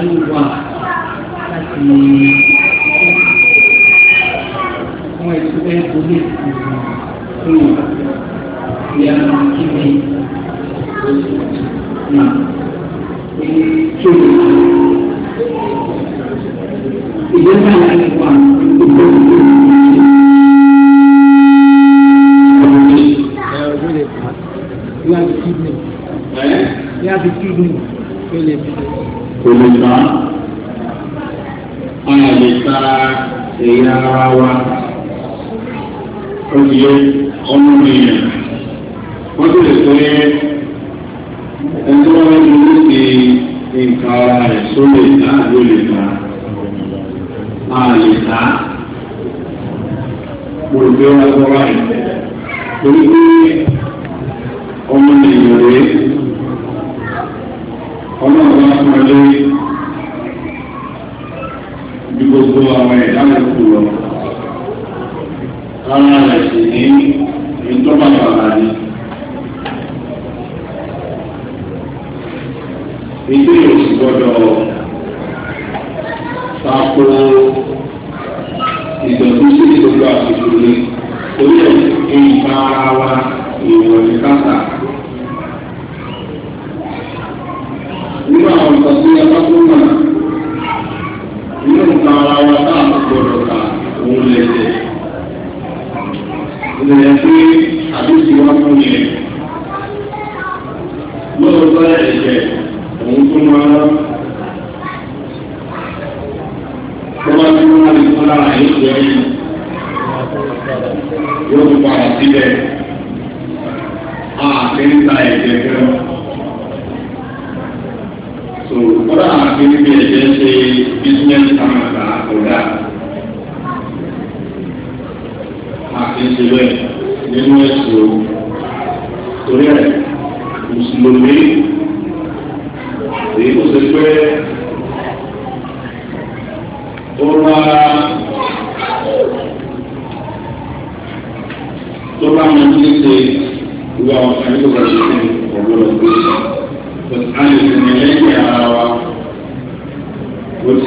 ààyè láti fún ẹgbẹ́ polisi tó yẹ. kò lè ta a lè ta ẹ̀yà ara wa.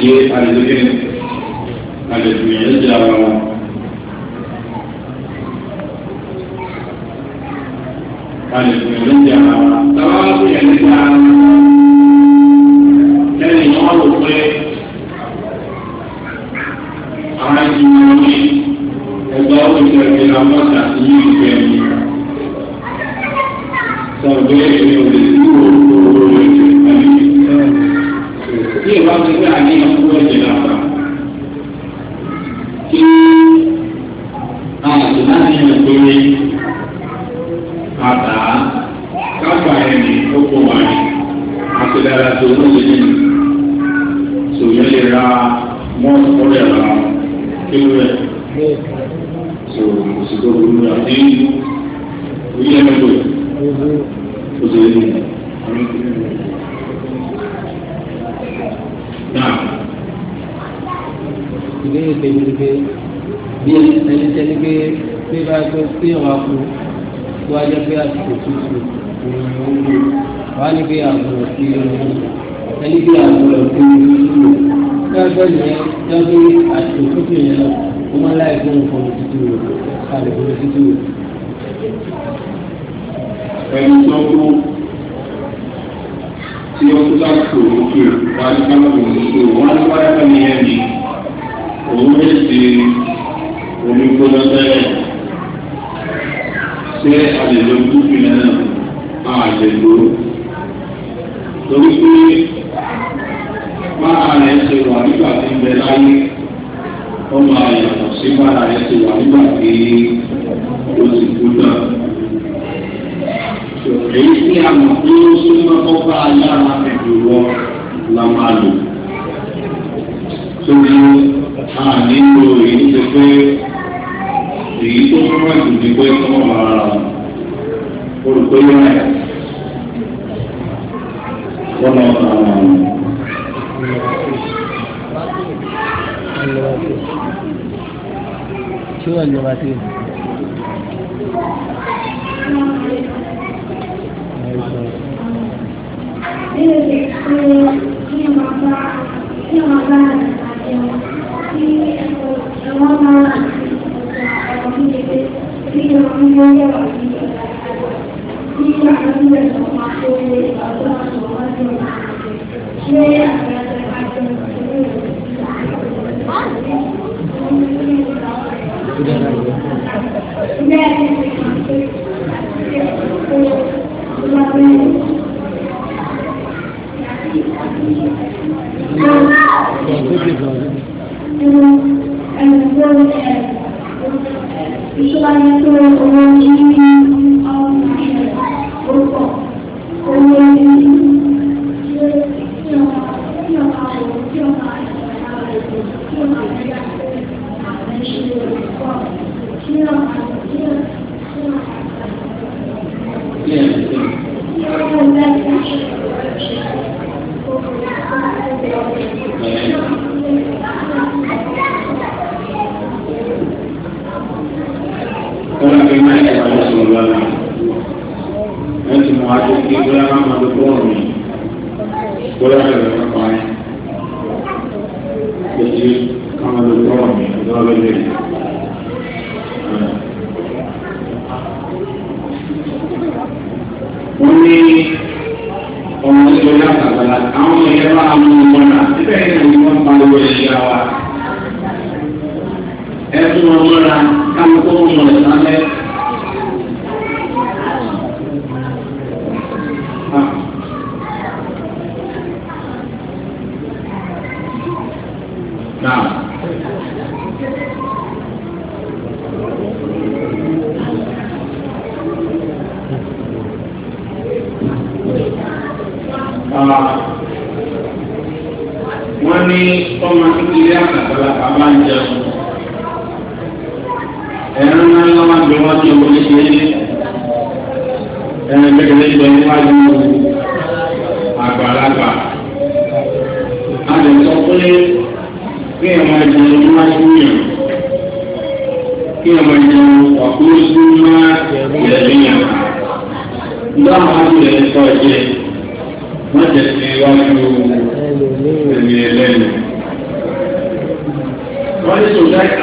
yé alẹ́dẹ́gbẹ́ alẹ́dẹ́gbẹ́ yẹn jẹ́ ara wọn. alẹ́dẹ́gbẹ́ yẹn jẹ́ ara wọn. Tàbá wá sí ẹ̀mí ta ẹni wọ́n rò pé àwọn ìgbìmọ̀ ní ẹgbẹ́ òṣèlú ẹ̀mí la mọ́ tàbí ìgbẹ́ mi. Sọ̀rọ̀ bí ẹ̀mí ò lè dúró lórí ẹ̀mí. Bí ìwà ti gbé àníyàn. 喜欢这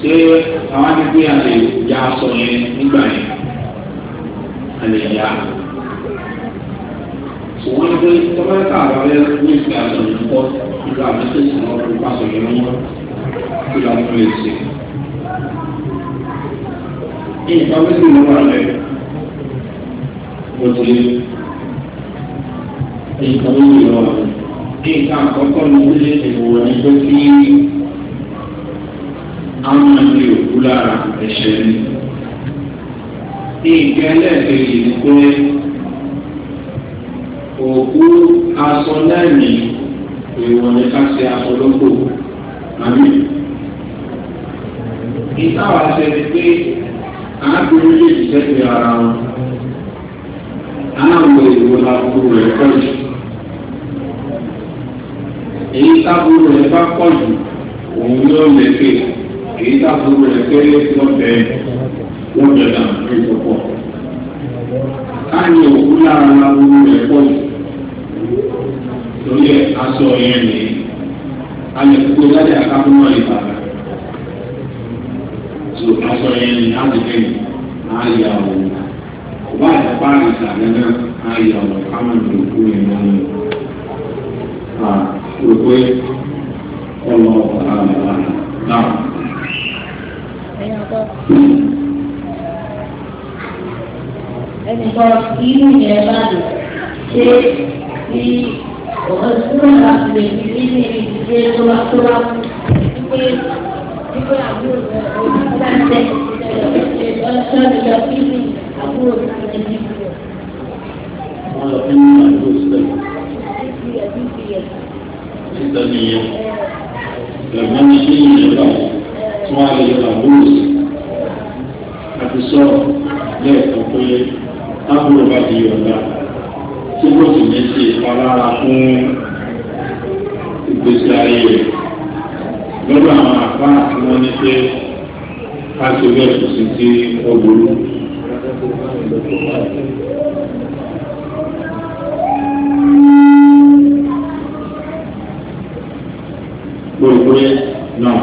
ṣé àwọn adigun yà lè ya aṣọ yẹn nígbà yẹn a lè ya ṣùgbọ́n ní pé tọ́pẹ́tà àbábẹ́ ní ìpè aṣọ yẹn kọ́ nígbà mẹ́tẹ́sì náà kó aṣọ yẹn mọ́ kí lọ́n tó lè ṣe. ní ìpamẹ́sì ló wà lẹ́ gbọ́dọ̀ ní ìpamẹ́sì ló wà lẹ́ ní ìka àkọ́kọ́ ní ilé ìwòrán ẹgbẹ́ àwọn àti òkú lára ẹ̀ṣẹ̀ ni. nǹkan ẹlẹ́ẹ̀kejì ni pé òkú aṣọ lẹ́yìn èèwọ̀n ni ká ṣe aṣọ lóko àmì. ìtawà ṣe ni pé arábìnrin lè ṣiṣẹ́ pé ara wọn aláwọ̀ èèwọ̀ la kúrò rẹ̀ pọ̀ jù. èyí tábúrò rẹ̀ bá pọ̀ jù òun yóò lè pè é. èyí tàbí rẹ̀ kéré lọ́bẹ̀ lọ́bẹ̀ náà ló ń káyọ̀ òkú lára rẹ̀ pọ̀ jù lórí aṣọ yẹn ní alẹ́ kúkú jáde àkàkùnmọ́ ìbàdàn. tó aṣọ yẹn ní láti kẹ́yìn á yà òun. ọba àtàpá ìsàlẹ̀ náà á yà òun káwọn yẹn náà náà. 没有的。哎，你说一六年八月七一，我们村上每年年底接收了收了，因为今年我们村上三三年二十二岁，今年二十二岁，今年二十二岁，今年二十二岁，今年二十二岁，今年二十二岁，今年年二 tí a á lè yọra lóòsì àti sọ̀rọ̀ lẹ́ẹ̀kan pé tábìlì bá di yọ̀ọ̀dà tí kò sì ní ṣe ìpalára fún ìgbésí ayé rẹ̀ lọ́dọ̀ àwọn àpá àti wọ́n ní pé ká ṣe bẹ́ẹ̀ kò sí sí ọgbọ́n. Gbogbo yẹn náà.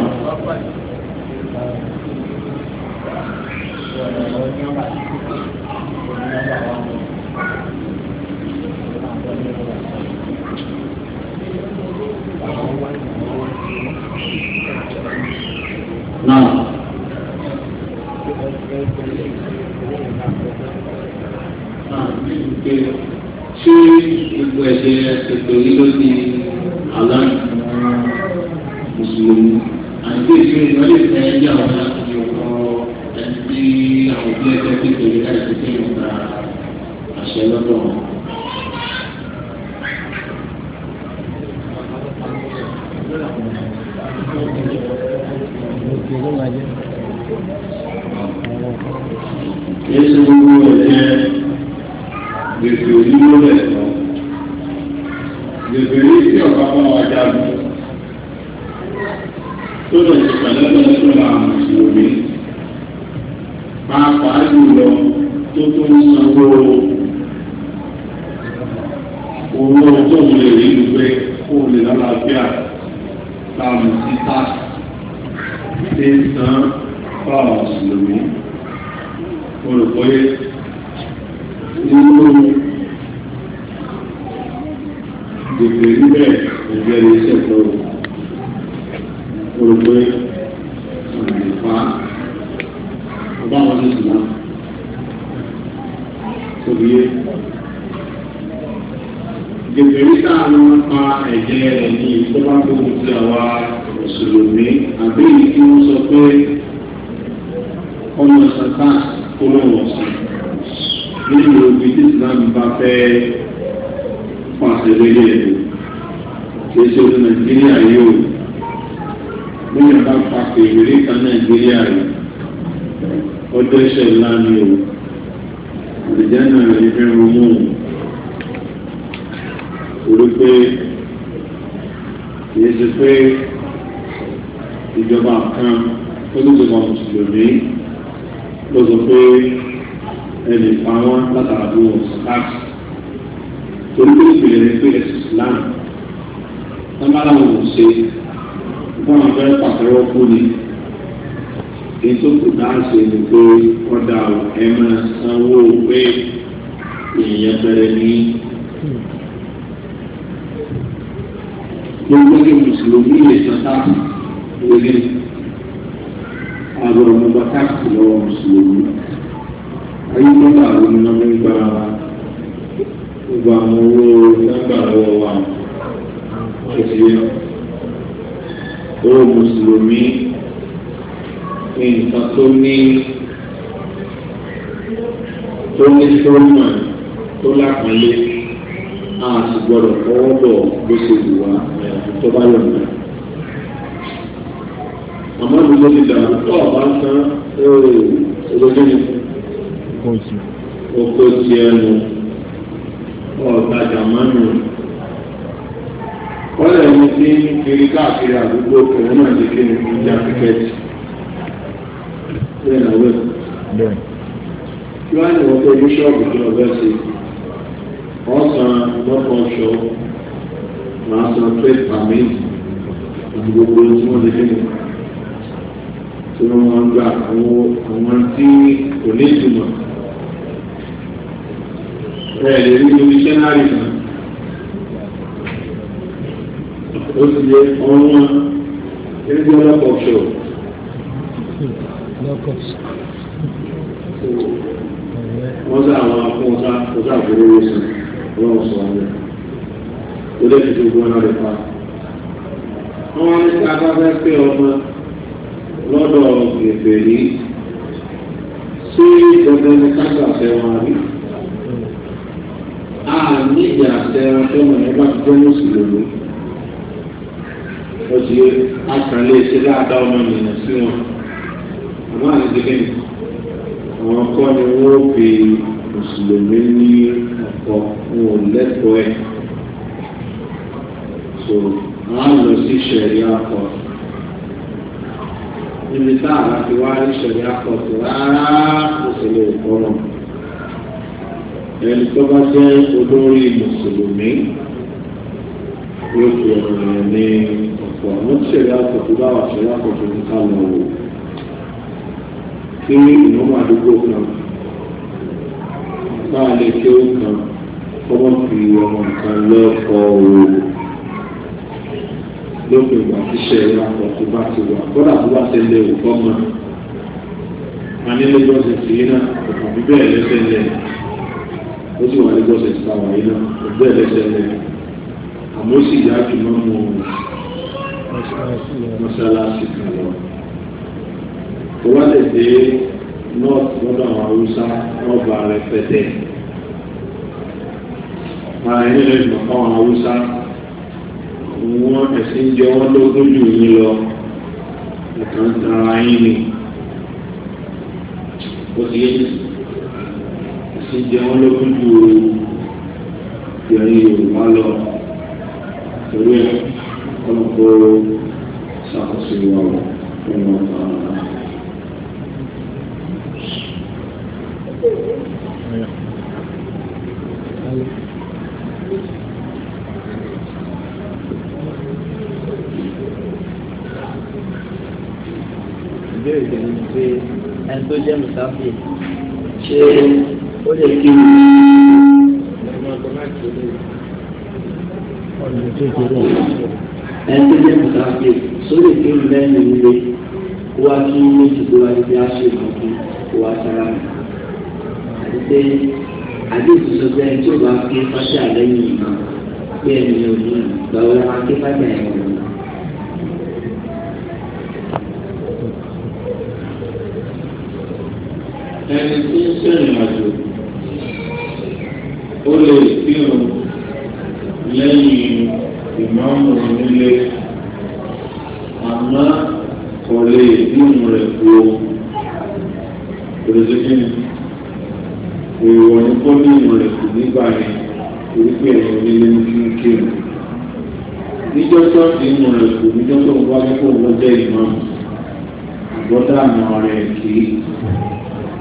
àlá mùsùlùmí àti ìṣe ìmọ̀lẹ́ ìfẹ́ ẹ̀yà ọ̀la. ṣe lọ́dọ̀ wọn. ṣe ni pé ọ̀dà ẹ máa sanwó pé èèyàn bẹ̀rẹ̀ ní. gbogbo ní mùsùlùmí lè san táàkì lórí àgbọ̀rọ̀ mọ̀gbà táàkì lọ́wọ́ mùsùlùmí. ayé gbọ́dọ̀ àwọn ọmọ mi gba gbogbo àwọn owó nígbà lọ́wọ́ wa. owó mùsùlùmí nǹkan tó ní tó ní sọ́mà tó lápẹ́lẹ́ a sì gbọ́dọ̀ fọwọ́ bọ̀ bó ṣe wù wá tó bá yọ̀ nù. àmọ́ mi ló ti dàrú tó ọ̀bá ń tán ọ̀rọ̀ ní oko ti ẹnu ọ̀tajà mánu. wọ́n lè ní sí kiri káàkiri àdúgbò kẹ̀lẹ́ náà ti kí ni ìjà kíkẹ́tì bẹ́ẹ̀ náà wẹ̀. bẹ́ẹ̀. kí wọ́n á ní wọ́n tó ní ṣọ́ọ̀bù tó lọ bẹ́ẹ̀ sí wọ́n san lọ́kọ̀ ṣọ máa san trade permit àti gbogbo tí wọ́n lè dẹ́nu tí wọ́n máa ń gba àwọn tí kò ní ìtumọ̀ bẹ́ẹ̀ lè rí ní sẹ́nárì náà ó sì yẹ ọ̀run wọn ẹgbẹ́ ọlọ́pàá wọ́n sá àwọn akọ́ sá kó sá àbúrò yóò sùn ọlọ́run sọ wọn bẹ́ẹ̀ ó lè fi gbogbo ọ̀nà rẹ̀ pa. wọ́n ní káfá fẹ́ pé ọmọ lọ́dọ̀ ìgbè yìí sí dandan ní káfá fẹ́ wọn rí. a ní ìyá àṣẹ ẹranṣẹ́ wọn nígbà tó jẹ́ mùsùlùmí. ó ti àkànlé ṣe dáadáa ọmọ nìyẹn sí wọn àmọ́ àdìgbẹ́ àwọn kọ́ ni wọ́n pe mùsùlùmí ní ọ̀pọ̀ wọn ò lẹ́tọ̀ọ́ ẹ̀ so wọ́n lọ sí ṣẹ̀rí akọ níbi tá a bá ti wá rí ṣẹ̀rí akọ tó rárá kò sì lè kọ́ lọ ẹni tó bá jẹ́ olórí mùsùlùmí yóò fi ọ̀rọ̀ yẹn ní ọ̀pọ̀ àwọn ṣẹ̀rí akọ tó bá wà ṣẹ̀rí akọ tó ní ká lọ tí ìnáwó àdúgbò kan náà lè ṣe ó kan kọ́mọ́ fi ọmọ nǹkan lọ́kọ̀ọ́ òwò lópin ìgbà tíṣẹ́ ìyàpọ̀ tó bá ti wà kódà tó bá ti lé òkọ́ mọ́ a ní lẹ́gbọ́sẹ̀ sí iná ọ̀pọ̀ bíbẹ́ ẹ̀lẹ́sẹ̀ lẹ̀ ó sì wà lẹ́gbọ́sẹ̀ sí àwọn iná ọ̀gbẹ́ ẹ̀lẹ́sẹ̀ lẹ̀ àmọ́ sì yá jù mọ́ mọ́ kan lọ kó wá lè dé north lọ́dọ̀ àwọn haúsá ọba rẹpẹtẹ máa ní lè mọ̀ fáwọn haúsá wọn ẹ̀sìn jẹ wọn lógún jù yín lọ ẹ̀kan tara yín ni ó ti yé ẹ̀sìn jẹ wọn lógún jù yẹn yorùbá lọ torí ẹ̀ ọlọ́pọ̀ ṣàkóso wọn nínú ọ̀tá ìbéèrè tẹ̀lé ni pé ẹni tó jẹ́ mùsáfì ṣé ó lè kí ni. ẹni tó jẹ́ mùsáfì ṣó lè kí ni lẹ́yìn ilé wá kí méjì tó wá ní bí a ṣe mọ̀ fún wa sára mi wípé àdéhùn sọ pé ẹni tí ó bá ké fájà lẹ́yìn ìmọ̀ pé ẹni ò ní ìgbà wọlé máa ké fájà ẹ̀ wọ̀. ẹni tí ń sẹ́yìn àjò ó lè fihàn lẹ́yìn ìmọ̀ọ́mù onílé àmọ́ kò lè fihàn rẹ̀ kú o èèwọ̀ ní kó ní ìrìn kù nígbà yẹn torí pé ẹ̀yìn onílé ní kí n kírun níjọ́ ṣọ́ọ̀ṣì ń rìn kù níjọ́ tó ń wájú kó wọ́n jẹ́ ìmọ̀ àgbọ́dá àmọ́ rẹ̀ kì í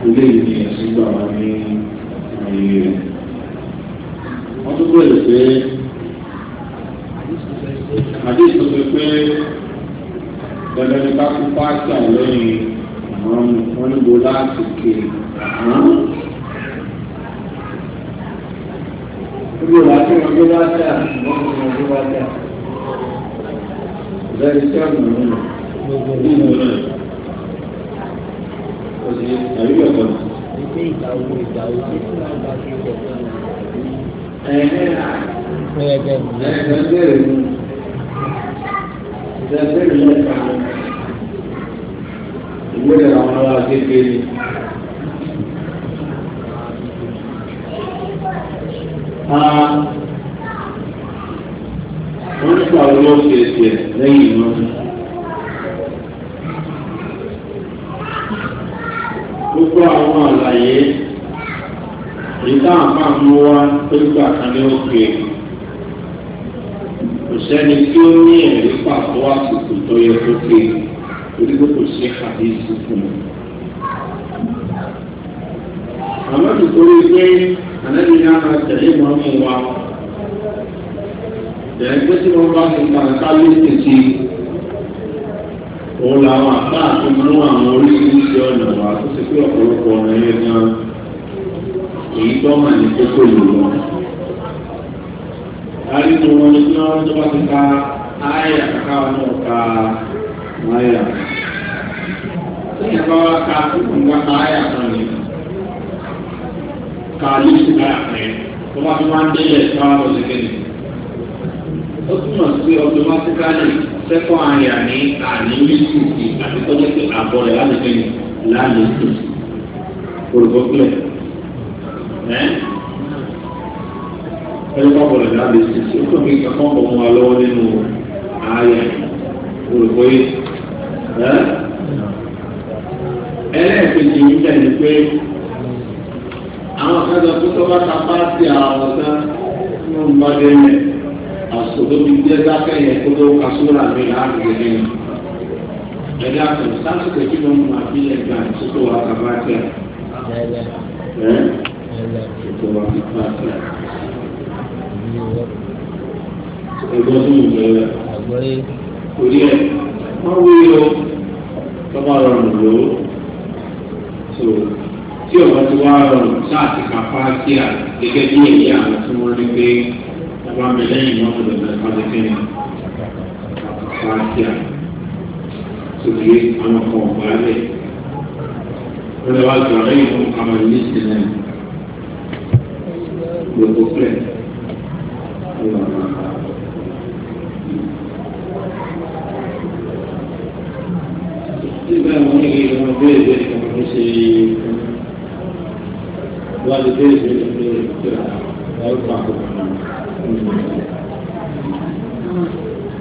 ilé ìní ẹ̀sìn gbà wá ní ààyè rẹ̀ wọ́n tún bẹ̀rẹ̀ pé àdéhùn sọ pé dandan ni ká kú pàṣẹ lẹ́yìn àwọn ọmọ wọn níbo láti ké àwọn. bí wàá kí wọn gbé wá dà wọn kò wọn gbé wá dà lẹ́yìn tí gbogbo ní ìlú náà kò sí àyùbá kan. ilé ìgbàwó ìgbàwó tí wọn bá fi bọ̀ fún mi. ẹ̀ẹ́dẹ́gbẹ̀rún. ẹ̀ẹ́dẹ́gbẹ̀rún. ìdẹ́gbẹ̀rún lọ́kàn. ìwé ìrànlọ́wọ́ akékeré. wọ́n ní kí àwọn yóò ṣe tiẹ̀ lẹ́yìn inú. gbogbo àwọn àlàyé ìdá àpamọ́ wa pẹ̀lú àkànní òkè kò sẹ́ni tí ó ní ẹ̀rí pàtó àsìkò tó yẹ kó ké torí pé kò sí àdéhùn fún un. àmọ́ nítorí pé ànábì ní àwọn àtẹ̀lé wọn mú wa ìyẹn pé tí wọ́n bá ti padà sáré tètè òun làwọn àbá àti mú àwọn oríṣiríṣi ọ̀nà wa tó ti pé ọ̀pọ̀lọpọ̀ ọ̀nà yẹn gan èyí tó mà ní kókó ìlú wọn. Àrínú wọn ni wọ́n tó bá ti ka áyà káwọn náà ka áyà. Sẹ́yìn bá ka kókò ń ka áyà kan ka lísì láyà pẹ́ tó bá fi máa ń délẹ̀ sáwà lọ sí kéde. ó túmọ̀ sí automatically sẹ́kọ̀ọ́ àyà ní àní lísì sí àti tọ́jú pé àbọ̀ rẹ̀ láti kéde láàyè sí olùkọ́ pílẹ̀. ẹ̀rọ pàbọ̀ rẹ̀ láti sí sí ó tó fi kankan bọ̀ mọ́ wa lọ́wọ́ nínú àyà olùkọ́ yìí. ẹlẹ́ẹ̀kejì yìí tẹ̀lé pé àwọn akẹ́kọ̀ọ́ tó tọ́ bá kápá sí àwọn tán ní ọgbà dẹ́yẹ àsòdò bí jẹ́ dákẹ́ yẹ kó tó ka sóra mi láàrin ìdílé yìí. ẹ̀dá kan sásìkò tí mo máa fi lè gbà tó tó wà kápá sí à. ẹ̀ tó tó wà kápá sí à. ẹgbẹ́ tó ń bẹ̀rẹ̀ torí ẹ̀ wọ́n wí o tọ́ rọrùn lò ó tí ọ̀rọ̀ ti wá rọrùn sáà ti ka fáàkìá gẹ́gẹ́ bí èyí àwọn tí wọ́n rí pé ọba mi lẹ́yìn náà lọ bẹ̀rẹ̀ fún adékẹ́ni fáàkìá tóbi àwọn kan ọ̀gbà rẹ̀ wọ́n lè wá jọ lẹ́yìn fún àwọn ilé ìsinmi gbogbo pẹ̀ lọ́wọ́. Ìgbà wọn ní ìgbà wọn bẹ́ẹ̀ bẹ́ẹ̀ kí wọ́n ṣe é wọ́n dé ìgbé ìgbé ìgbéra ẹ̀rọ kan kò kàn án.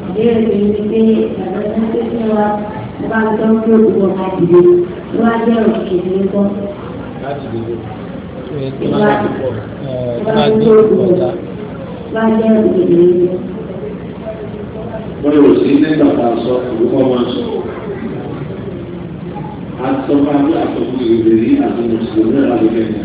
Ìbéèrè mi ni pé ẹ̀rọ ní pípín wa bá ń tọ́ sí òkúta láti dé wọ́n á jẹ́ òkèèrè ń bọ́. Láti dé tó bá ti pọ̀ tó bá ti pọ̀ dá. Wọ́n á jẹ́ òkèèrè ń bọ́. Wọ́n yóò sí nígbà tá a sọ olùkọ́ máa sọ. Àtọ́fáàbí àtọ́kùn ìrírí àti mùsùlùmí àti mẹ́rin.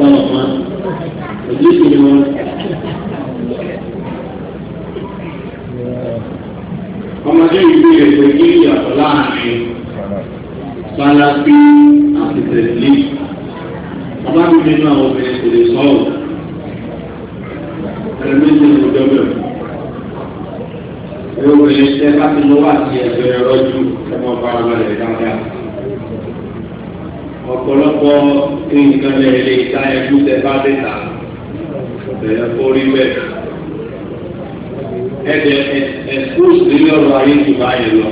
wọn ọ̀pọ̀ ojúṣe ni wọn. ọmọdé ìlú rẹ̀ pé kí ìyàtọ̀ láàrin sálábí àti tẹ̀lé ọbábíbi náà obìnrin kò lè sọ̀rọ̀ ẹ̀rọ méjì ló dọ́gbẹ̀ ẹ̀rọ obìnrin tẹ́ bá ti lọ́wọ́ àti ẹ̀jọ̀ ẹ̀rọ jù ẹ̀mọ́ farabalẹ̀ dáadáa ọ̀pọ̀lọpọ̀ nǹkan lè lè ta ẹbú tẹ bá dé ta bẹ̀rẹ̀ forí bẹ́ẹ̀. ẹ̀dẹ̀ ẹ̀kúùsù ní ọ̀rọ̀ ayé ti bá yẹn lọ.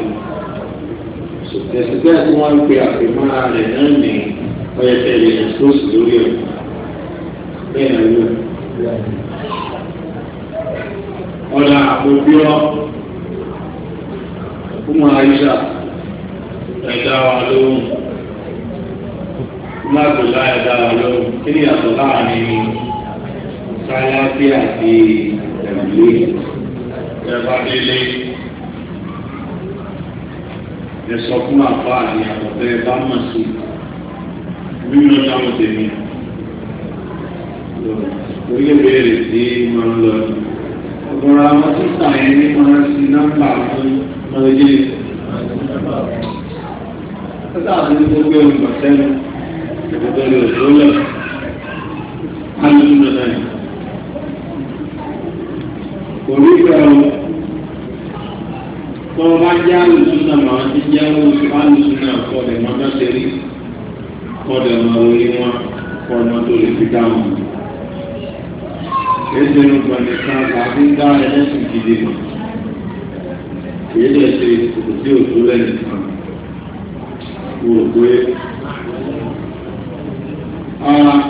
ẹ̀sìn bẹ́ẹ̀ tí wọ́n ń pe àfihàn rẹ̀ náà ní ọ̀yẹ̀ tẹ̀lé ẹ̀kúùsù lórí ẹ̀ bẹ́ẹ̀ náà lọ. ọ̀dà àpòbíọ́ fún àyíṣà ẹ̀dá wa lóhùn má kò láyà dára lọ́wọ́ kí ni àtọ̀ láàrin sáyáàtì àti ẹ̀mílẹ̀ ẹ̀fà délé ẹ sọ fún àpá àti àtọ̀tẹ́ ẹ bá mọ̀ sí mímú táwọn tèmi orílẹ̀-èdè rẹ̀ sí máa ń lọ ọ̀gọ̀rọ̀ àwọn sísà yẹn ní máa ń sin nọ́mbà fún ọ̀rẹ́dẹ́gbẹ̀rún. Ẹ sáà ní gbogbo ẹ̀rù pàtẹ́nu ìgbẹ́gbẹ́ rẹ̀ lọ́wọ́ alùpùpù náà oríkà tó bá jẹ́ alùpùpù náà máa ti jẹ́ alùpùpù náà kọ́dẹ̀ máa bá ṣe rí kọ́dẹ̀ máa wọlé wọn kọ́dẹ̀ máa tó lè fi dáhùn. Èdè ìgbàlè kan làbí dá ẹlẹ́sìn ṣe kò òtún lẹ́yìn kan. Wò ó pé Ah,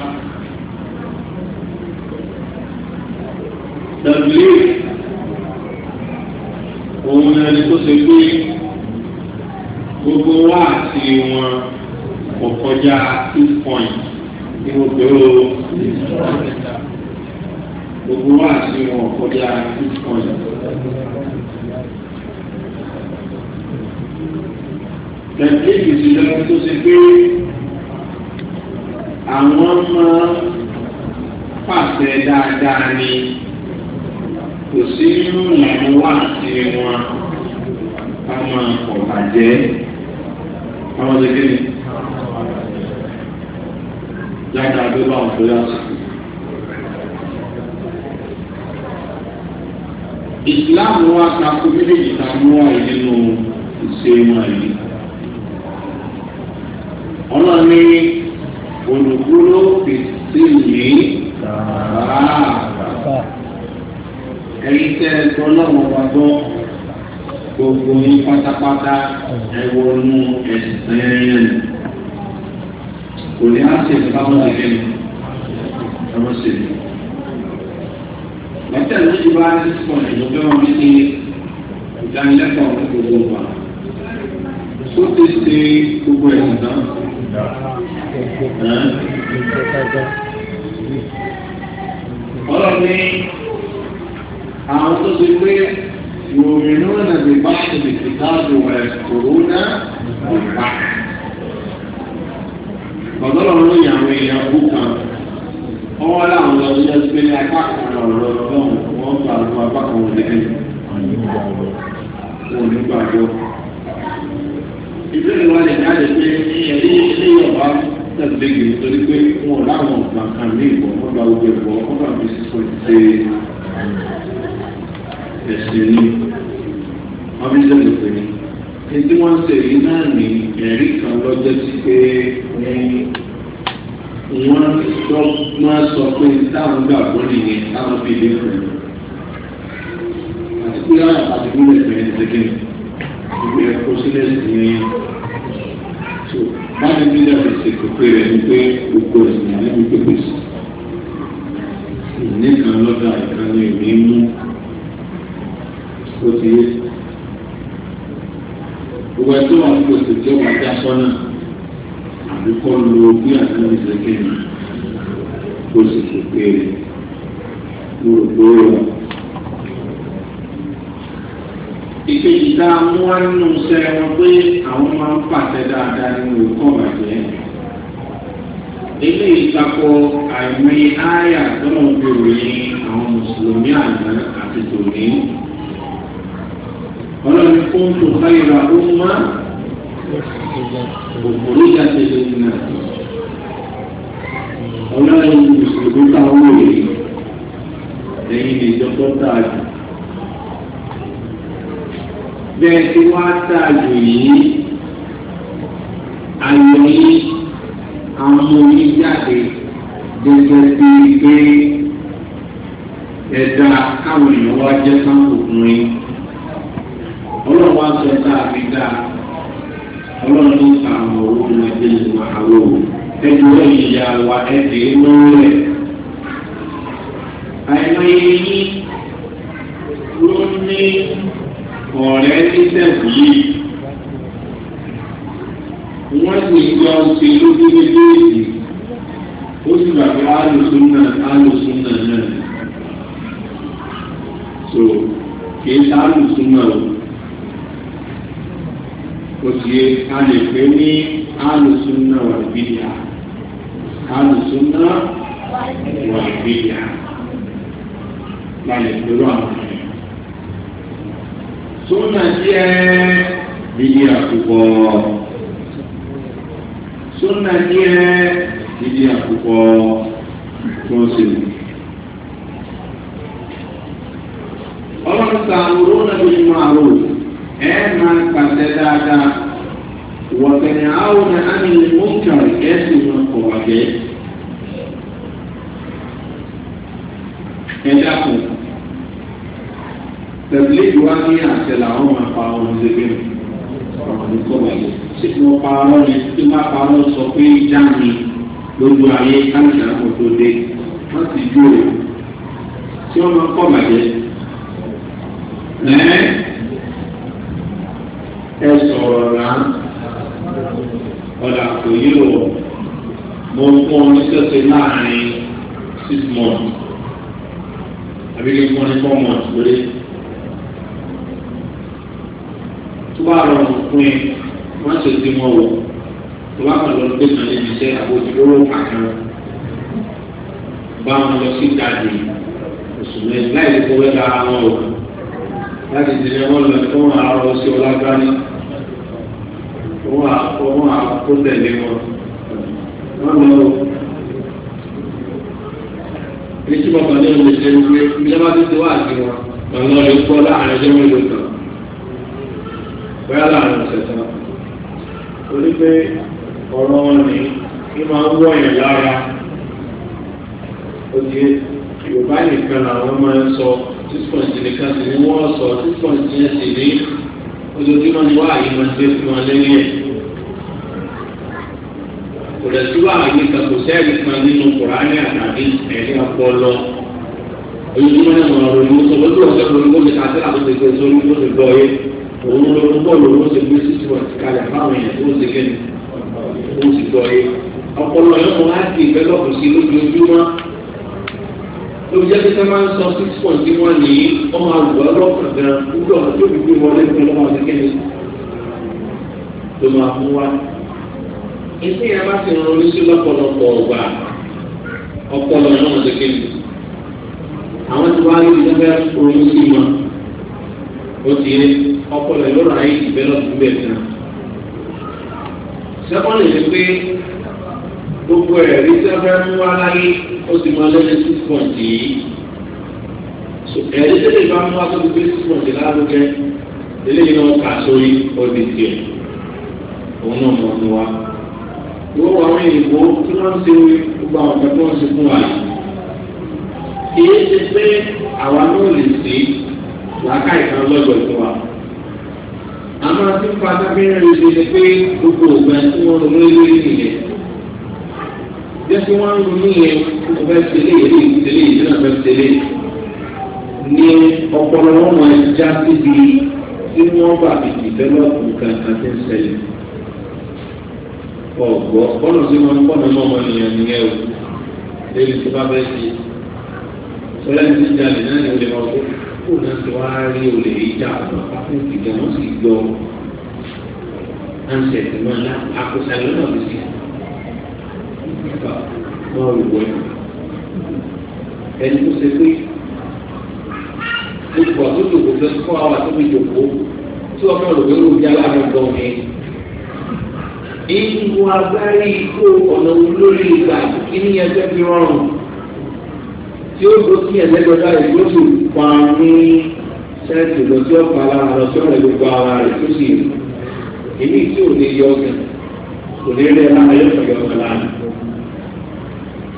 tẹ̀lé òun ẹni tó ṣe pé gbogbo wá àti wọn kò kọjá six point ní gbogbo gbogbo wá àti wọn kò kọjá six point. tẹ̀lé ìṣèjọba tó ṣe pé àwọn máa pàṣẹ dáadáa ni kò sí nínú ìlànà wà sí wọn ká máa kọ̀ bàjẹ́ àwọn ọ̀dẹ́gẹ́ ni yàtọ̀ àdúgbò àwọn tó yàtọ̀. ìsìláàmù wa takò méjèèjì ta mú wa nínú ìṣe wọn yìí ọlọ́ni olùkúrò fèsì ní kàràkà. ẹ̀yin tẹ́ ẹ tọ́ lọ́wọ́ wa gbọ́ gbogbo yín pátápátá ẹ wọnú ẹ̀sìn ẹ̀yẹn kò ní á ṣe ìbámu ẹ̀yẹn ẹ̀rọ ṣe ní. lọ́tẹ̀ ló ti bá ní sọ̀rọ̀ ìlú fẹ́ wọn ní ìdánilẹ́kọ̀ọ́ gbogbo wa. ó ti ṣe gbogbo ẹ̀sìn náà ọlọ́run ní àwọn tó ti pé ìwòmìnú ọ̀nà bí bá ṣe lè fi káàdù ẹ̀ kòrónà ọ̀pá. ọ̀dọ́lọ́run ló yàn àwọn èèyàn kú kan ọwọ́ láwọn lọ sí ẹsẹ̀ pé ní apá kan ọ̀rọ̀ ọlọ́run wọ́n gbà apá kan wọlé ẹ̀yìn. wọ́n ìbéèrè wa lè jáde pé ẹ̀rí ilé ìyọ̀bá tẹ̀légi nítorí pé wọn ò láwọn ọ̀gbà kan ní ìbọn wọn gba gbogbo ẹ̀bọ wọn gba bí sísọ ṣe ẹ̀sìn ni wọn bí sẹ́nu pé ní. Ètí wọ́n ṣe èyí náà ní ẹ̀rí kan lọ́jọ́ sí pé wọ́n máa sọ pé táwọn gbàgbọ́ nìyẹn táwọn fi lé fún un. Àti pé àwọn àdìgún lè fẹ́ ẹ̀ ṣe ìwé ẹ̀kọ́ sílẹ̀ sí ní so báyìí ní ìdájọ́ ṣe pépé rẹ̀ ni pé gbogbo ẹ̀sìn níbi pépé sí ìní kan lọ́dà ìkànnì ìní mú ó ti yé gbogbo ẹ̀ tó wà ní gbèsè tí ó wà já sọ́nà àbí kọ́ lo bí àtúntò ṣe kéde kó sì pépé rẹ̀ mo rò pé ìkejì tá a mú wá nínú iṣẹ́ wọn pé àwọn máa ń pàṣẹ dáadáa nínú ìkọ́ bàjẹ́. eléyìí takọ àìmọye ááyà tọ́nà òbèrè àwọn mùsùlùmí àná àti tòní. ọlọ́run fún tòkáyìrà ó má òkúrú jáde lórí náà. ọlọ́run mùsùlùmí táwọn wòye lẹ́yìn ìjọba tá bẹ́ẹ̀ tí wọ́n á ṣàlù yìí àlùyí amóyí jáde gẹ́gẹ́ bí pé ẹ̀dá káwọn èèyàn wá jẹ́ sáfòkùnrin ọlọ́run wá sọ tá a fi dá ọlọ́run ló ta àwọn owó ọmọdé ìwà àwọ̀ ẹ̀dùn ìyá wa ẹ̀dẹ̀ lọ́wọ́ rẹ̀ àìmọye yìí ló ní ọ̀rẹ́ nítẹ̀kù yìí wọ́n sì yọ ṣe lójú méjèèjì ó sì gbà pé alùsùn náà alùsùn náà náà so kìí ṣe alùsùn náà o sì yẹ ká lè ní alùsùn náà wà bíyà alùsùn náà wà bíyà lálẹ́ pẹ̀lú àwọn súnà jẹ́ ìdí àkùkọ súnà jẹ́ ìdí àkùkọ tó ń sè mí. ọlọ́run sàmúrò náà ló mọ àrò ẹ máa pàṣẹ dáadáa wọ̀tẹ̀lẹ̀ àwọn náà ní mọ́tò ẹ̀sìn náà kọ̀ wá ẹ dákun tẹ̀lé ìwá ní àṣẹ làwọn máa pa ọmọ ìdílé ọmọ ní kọ́wé ṣé kí wọ́n pa ọmọ yẹn tí wọ́n pa ọmọ sọ pé já mi lójú ayé káàkiri àwọn tó dé wọ́n ti jó o e. tí wọ́n máa kọ́ bàjẹ́ ẹ̀ ẹ sọ̀rọ̀ rà ọ̀dà kò yí o mo fún ọ ní sẹ́sẹ̀ láàrin six months àbí kí n fún ọ four months lórí. tó bá rọrùn fún ẹ má ṣe ti mọ wọ tó bá kàn lọ gbé kan níbi iṣẹ́ àbójúlówó kàkan bá wọn lọ sí ìdájì oṣù mẹ́rin láì lè fọwọ́ da ara wọn o láti dìde wọn lọ fún àwọn ọ̀rọ̀ sí ọlágbáni wọn àkókò tẹ̀lé wọn wọn lọ ní tí wọn kàn lé wọn lè ṣe wípé ìjọba ti ti wá àti wọn lọ́nà lè kọ́ láàrin ẹjọ́ mélòó kan bóyá láàrin ọ̀sẹ̀ tán torí pé ọ̀rọ̀ wọn ni kí máa ń wọ̀nyẹ̀ lára oye yorùbá nìkan làwọn máa ń sọ six point nìkan sì ni wọ́n sọ six point yẹn sì ní ojoojúmọ́ ni wọ́n àyè máa ń dé fún wọn lẹ́yìn ẹ̀ kò lè sí wàhálì kan kò sẹ́ẹ̀lì kan nínú kùránì àtàbí ẹ̀rí ọpọlọ ojoojúmọ́ náà wọ́n ronú sọ lójú ọ̀sẹ̀ ronú kó mi ta sílà tó ti gbé sórí kó ti gbọ́ yé òun ló ń bọ̀ lòun ó sì gbé sísú àti kalẹ̀ fáwọn èèyàn tó ń ṣe kẹ́ni ó sì gbọ́ yé ọpọlọ yẹn wọn á di ìfẹ́lọ́pù sí lójoojúmọ́ ló jẹ́ pé sẹ́wọ́n sọ six point tí wọ́n ní ọmọ àlùbọ́ ọlọ́pàá gan gbogbo ọ̀nà tó fi gbé wọlé fún ọmọ ọ̀sẹ̀ kẹ́ni ló máa mú wá. ìsìn yẹn bá ti rán oníṣẹ́ lọ́pọ̀lọpọ̀ ọgbà ọpọlọ yẹn wọn ṣe kẹ́ni àwọn tí wọ́n rí ìdájọ́ oníṣẹ́ wọn ó ti yẹ ọpọlọ yóò rà yìí develop bẹ́ẹ̀ náà. sẹ́kọ̀nì ni pé gbogbo ẹ̀rí sẹ́fẹ́ ń wá láyé ó sì máa lọ́lẹ̀ six point yìí. ẹ̀rí sẹ́fẹ́ bá ń wá sóbi pé six point lárugẹ eléyìí náà kà sórí ọdún tiẹ̀ òun náà mọ̀ ọ́nù wa. ìwọ́n wà wọ́n ìyìnbó tí wọ́n ń ṣe gbogbo àwọn ọ̀gá tí wọ́n ń ṣe wa yìí kìí ṣe pé àwa náà lè sí làákà ìkan lọ́jọ́ ìfún wa àmọ́ tí ń fa sábẹ́rẹ́ rẹ̀ ṣe ni pé gbogbo ògbà tí wọ́n ronú lórí nìyẹn. jẹ́ kí wọ́n ronú yẹn kó fẹ́ tẹ̀lé èyí tẹ̀lé èyí náà fẹ́ tẹ̀lé ní ọpọlọ wọn máa já síbi tí wọ́n bá fi dìbẹ́lọ́pù kankan tí ń ṣẹlẹ̀. ọ̀gbọ́ bọ́lá sí wọn kọ́nà mọ́ ọmọ nìyẹn nìyẹn o lórí tó bá fẹ́ ṣe. sọlá ní ti jalè náà ni ó lè máa kó kó náà ti wá o olè yìí já ọ̀nà pápẹ́ǹtì gan wọ́n sì yọ ansẹ̀ tí wọ́n lá àkóṣàlọ́ náà lè ṣe wọ́n rò wọ́n ẹni tó ṣe pé gbogbo àtúntò kò fẹ́ fún àwọn àtúntò ìjòkó tí wọ́n fẹ́ rò pé ó yá láàrin gan ni ìwọ agbárí kó ọ̀nà olórí ìgbà kí ni ẹgbẹ́ fi rọrùn tí ó tó kí ẹ̀lẹ́gbẹ̀dá ìlú sì pa ní sẹ́ẹ̀tì lọ sí ọ̀pá lára lọ sí ọ̀rẹ́ gbogbo ara rẹ̀ tó sì èyí tí ò ní yọ ọ̀gẹ̀ kò ní rẹ̀ lára yóò fẹ̀ yọ ọ̀gẹ̀ lára.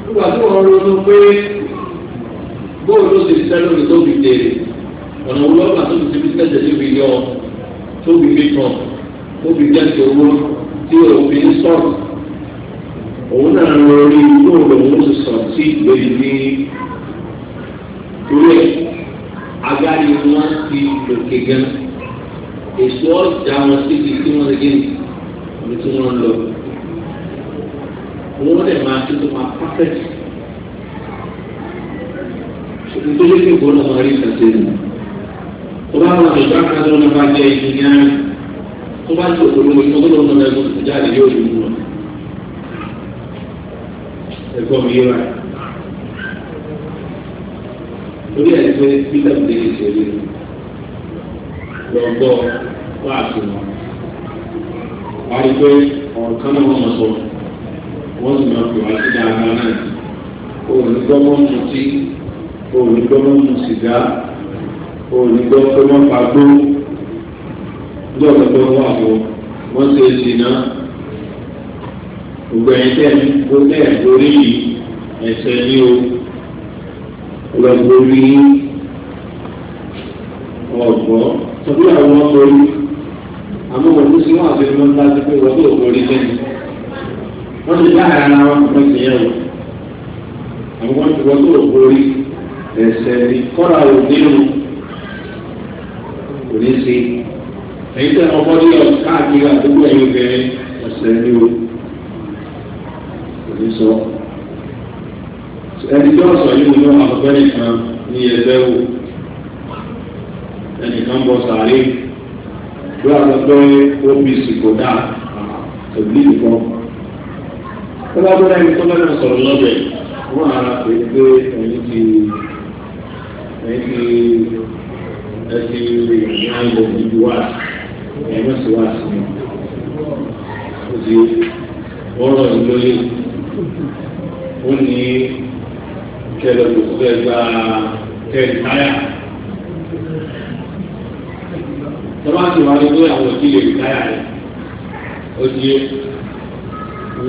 nígbà tí wọ́n ronú pé bóòlù ló ti sẹ́ lórí tó fi dèrè ọ̀nà òwúrọ̀ ọ̀gá tó ti fi sẹ́jẹ̀ tó fi yọ tó fi fi tàn tó fi jẹ́ ti owó tí òun fi ń sọ̀rọ̀ òun náà lórí bóòlù òun ti sọ̀ sí ìgbé ìwé agbárí wọn ti lòkè gan èso ọjà wọn síbi tí wọn lè gé ní tí wọn lọ wọn lè máa tó tó máa pàfẹ́tì nítorí pé ìbọn náà wọn rí ìtàsé nù tó bá wọn àjọjọ akadọ náà bá jẹ ìlú ní àná tó bá jẹ òkòló ní ọgbọdọ náà lẹnu ìjáde yóò lù wọn ẹ̀gbọ́n mi yóò rà torí ẹ̀ pé peter ń délé ìṣèlú lọ́gbọ́ wá àfihàn wá rí pé ọ̀rọ̀ kan náà wọ́n mọ̀ sọ wọ́n sì máa fi wá sí dáadáa náà olùgbọ́mọ́ mu tí olùgbọ́mọ́ mu sìgá olùgbọ́mọ́ fagbó lọ́gbọ́dọ́ wà fún wọ́n ṣe é sí náà gbogbo tẹ̀ ń gbọ́ tẹ̀ lórí yìí ẹ̀sẹ̀ ní o lọ́gbọ́ rí ọ̀gbọ́ tọ́jú àwọn ọmọ rí àmọ́ òkú sí wọn àti ẹgbẹ́ ńlá ti pé wọ́n tó òkú rí lẹ́nu wọ́n ti dá ara wọn kọ́ sí yẹn o àwọn wọn ti wọ́n tó òkú rí ẹsẹ̀ ní kọ́ra ò nínú sí èyí tẹ ọkọ ní ọ káàkiri àdúgbò ẹ̀yìn obìnrin ẹsẹ̀ ní o kò ní sọ ẹni tí ó sọ yìí mo ní ọmọ àgbẹ̀ nìkan ní ẹgbẹ́ wò ẹnìkan bọ sàárè bí wàá gbọ́ opc kò dáa òbí nìkan ó bá gbọ́dọ̀ ẹni tó lọ́dọ̀ sọ̀rọ̀ lọ́bẹ̀ wọ́n ara pé pé ẹ̀yin ti ẹ̀yin ti ẹ̀sì ìrìn àìlò ìlú wà ẹ̀yin mọ̀ sí sí mi ó ti ọ̀rọ̀ ìlú lé ó ní kẹlẹ̀ òkú ẹgbà kẹrin táyà. Tọ́lá ti wá lórí àwọn òkú lè táyà rẹ̀. Ó di é.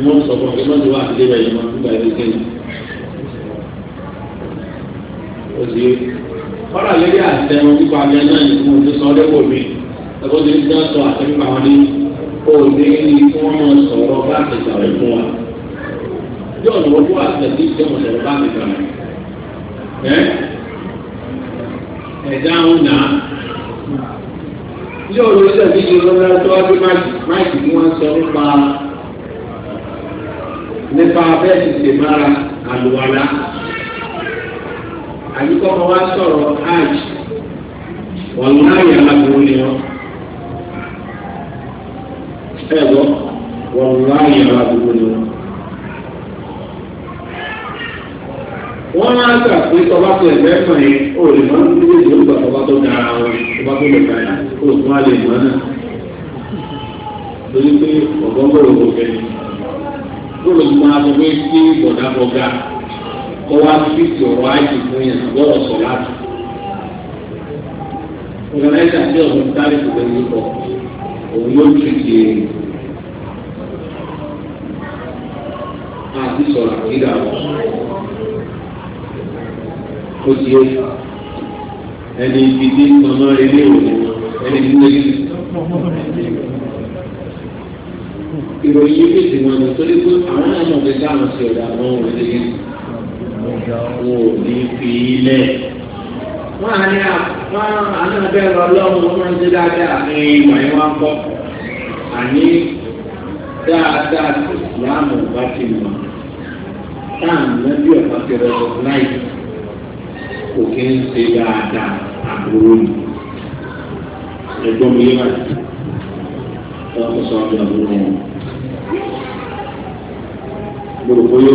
Wọ́n sọ wá àti débẹ̀ yìí wọ́n gbà ẹni kẹ́yìn. Ó di é. Kọ́lá lórí àtẹ wọn nípa abẹ náà ní fún ojú sọ ọdẹ́kọ̀ mi. Ẹ̀kọ́ ti dán sọ àtẹ nípa wọn ní òde ní kí wọ́n máa sọ̀rọ̀ bá àtẹ̀sàrẹ̀ fún wa. Yóò lọ́wọ́ àtẹ̀sí ìjọba àtẹ̀sàrẹ̀ ẹ̀dá ń nà á. ilé ọ̀rọ̀ ìṣẹ̀ mi ṣe lọ́wọ́ tó wájú máìkì tí wọ́n sọ nípa nípa bẹ́ẹ̀ ti ṣe mára àlùwàlá. àdúgbò ọmọ wa sọ̀rọ̀ hajj wọ́n láyà lábúrú ni wọ́n. ẹ̀rọ wọ́n láyà lábúrú ni wọ́n. pé tọ́ba tó ẹ̀gbẹ́ kan yẹn ó lè máa ń dúró ìlú ìgbà tọ́ba tó dára wọn tọ́ba tó lè ka yà ó tún á lè mọ́ náà. lórí pé ọ̀gbọ́n bọ̀rọ̀ kò fẹ́ bọ̀rọ̀ tó máa sọ pé kí bọ̀dá bọ̀ ga kọ́ wá sí ti ọ̀rọ̀ àìsí fún yẹn lọ́rọ̀ sọ láti. ọ̀gánáìsà tí ọ̀gbọ́n sáré kò fẹ́ yín kọ́ òun yóò tún ṣe àti sọ̀rọ̀ àkídà ó ti yé ẹni ibi tí ọmọ ilé òní ẹni tí ó yé. ìròyìn yìí ti wọn nítorí pé àwọn náà mọ̀ pé dáhùn sí ọ̀dà àwọn òní yìí wọn ò ní fi ilẹ̀. wọ́n á ní àná bẹ́ẹ̀ lọ lọ́wọ́ wọn máa ń ṣe dáadáa ní ìwà yẹn wá kọ́ àní dáadáa ìsìlámù bá ti mọ̀ táà ń lẹ́bí ọ̀pá ti rẹ̀ láì kò kí ń ṣe dáadáa àbúrò ni ẹgbọ́n mi yé báyìí wọ́n kọ́ sọ ọdún àbúrò wọn. gbogbo bóyá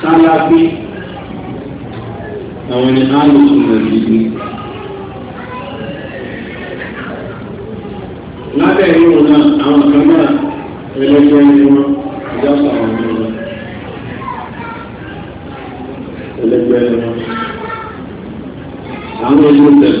sálábí àwọn ẹni alùpùpù nàìjíríì lábẹ́ ìlú náà àwọn kan náà ẹlẹ́gbẹ́ ẹni wọn ẹjọ́ sọ̀rọ̀ mi o ẹlẹgbẹ́ wọn àwọn olóòtú ẹ̀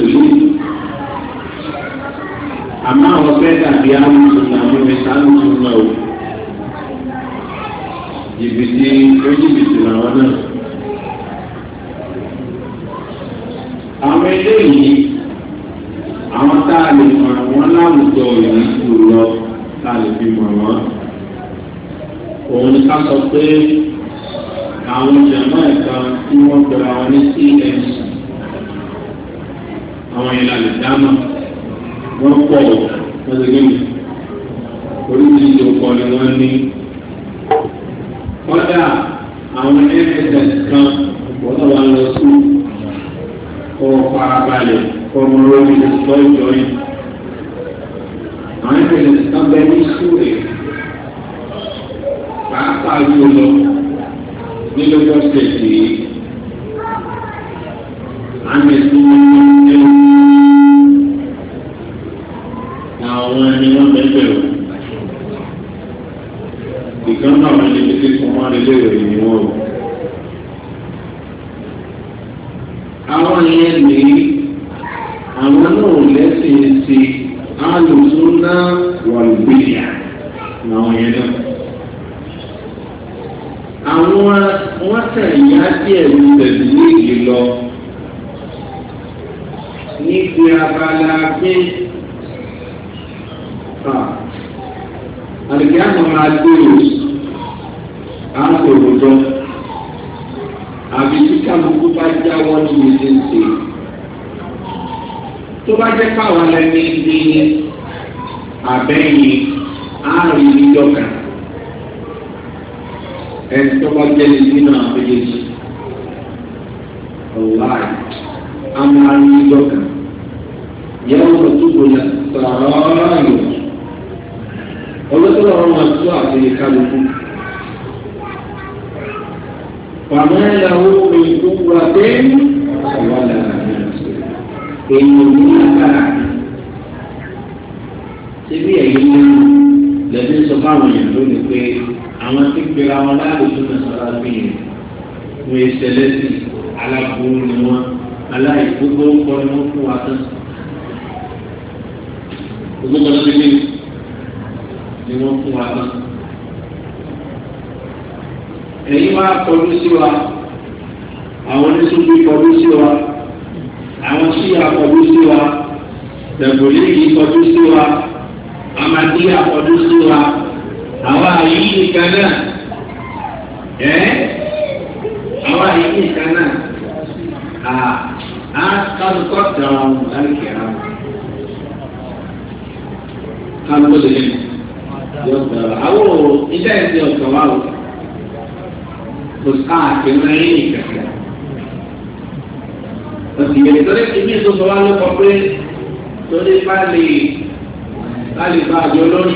lè bá àjọ lórí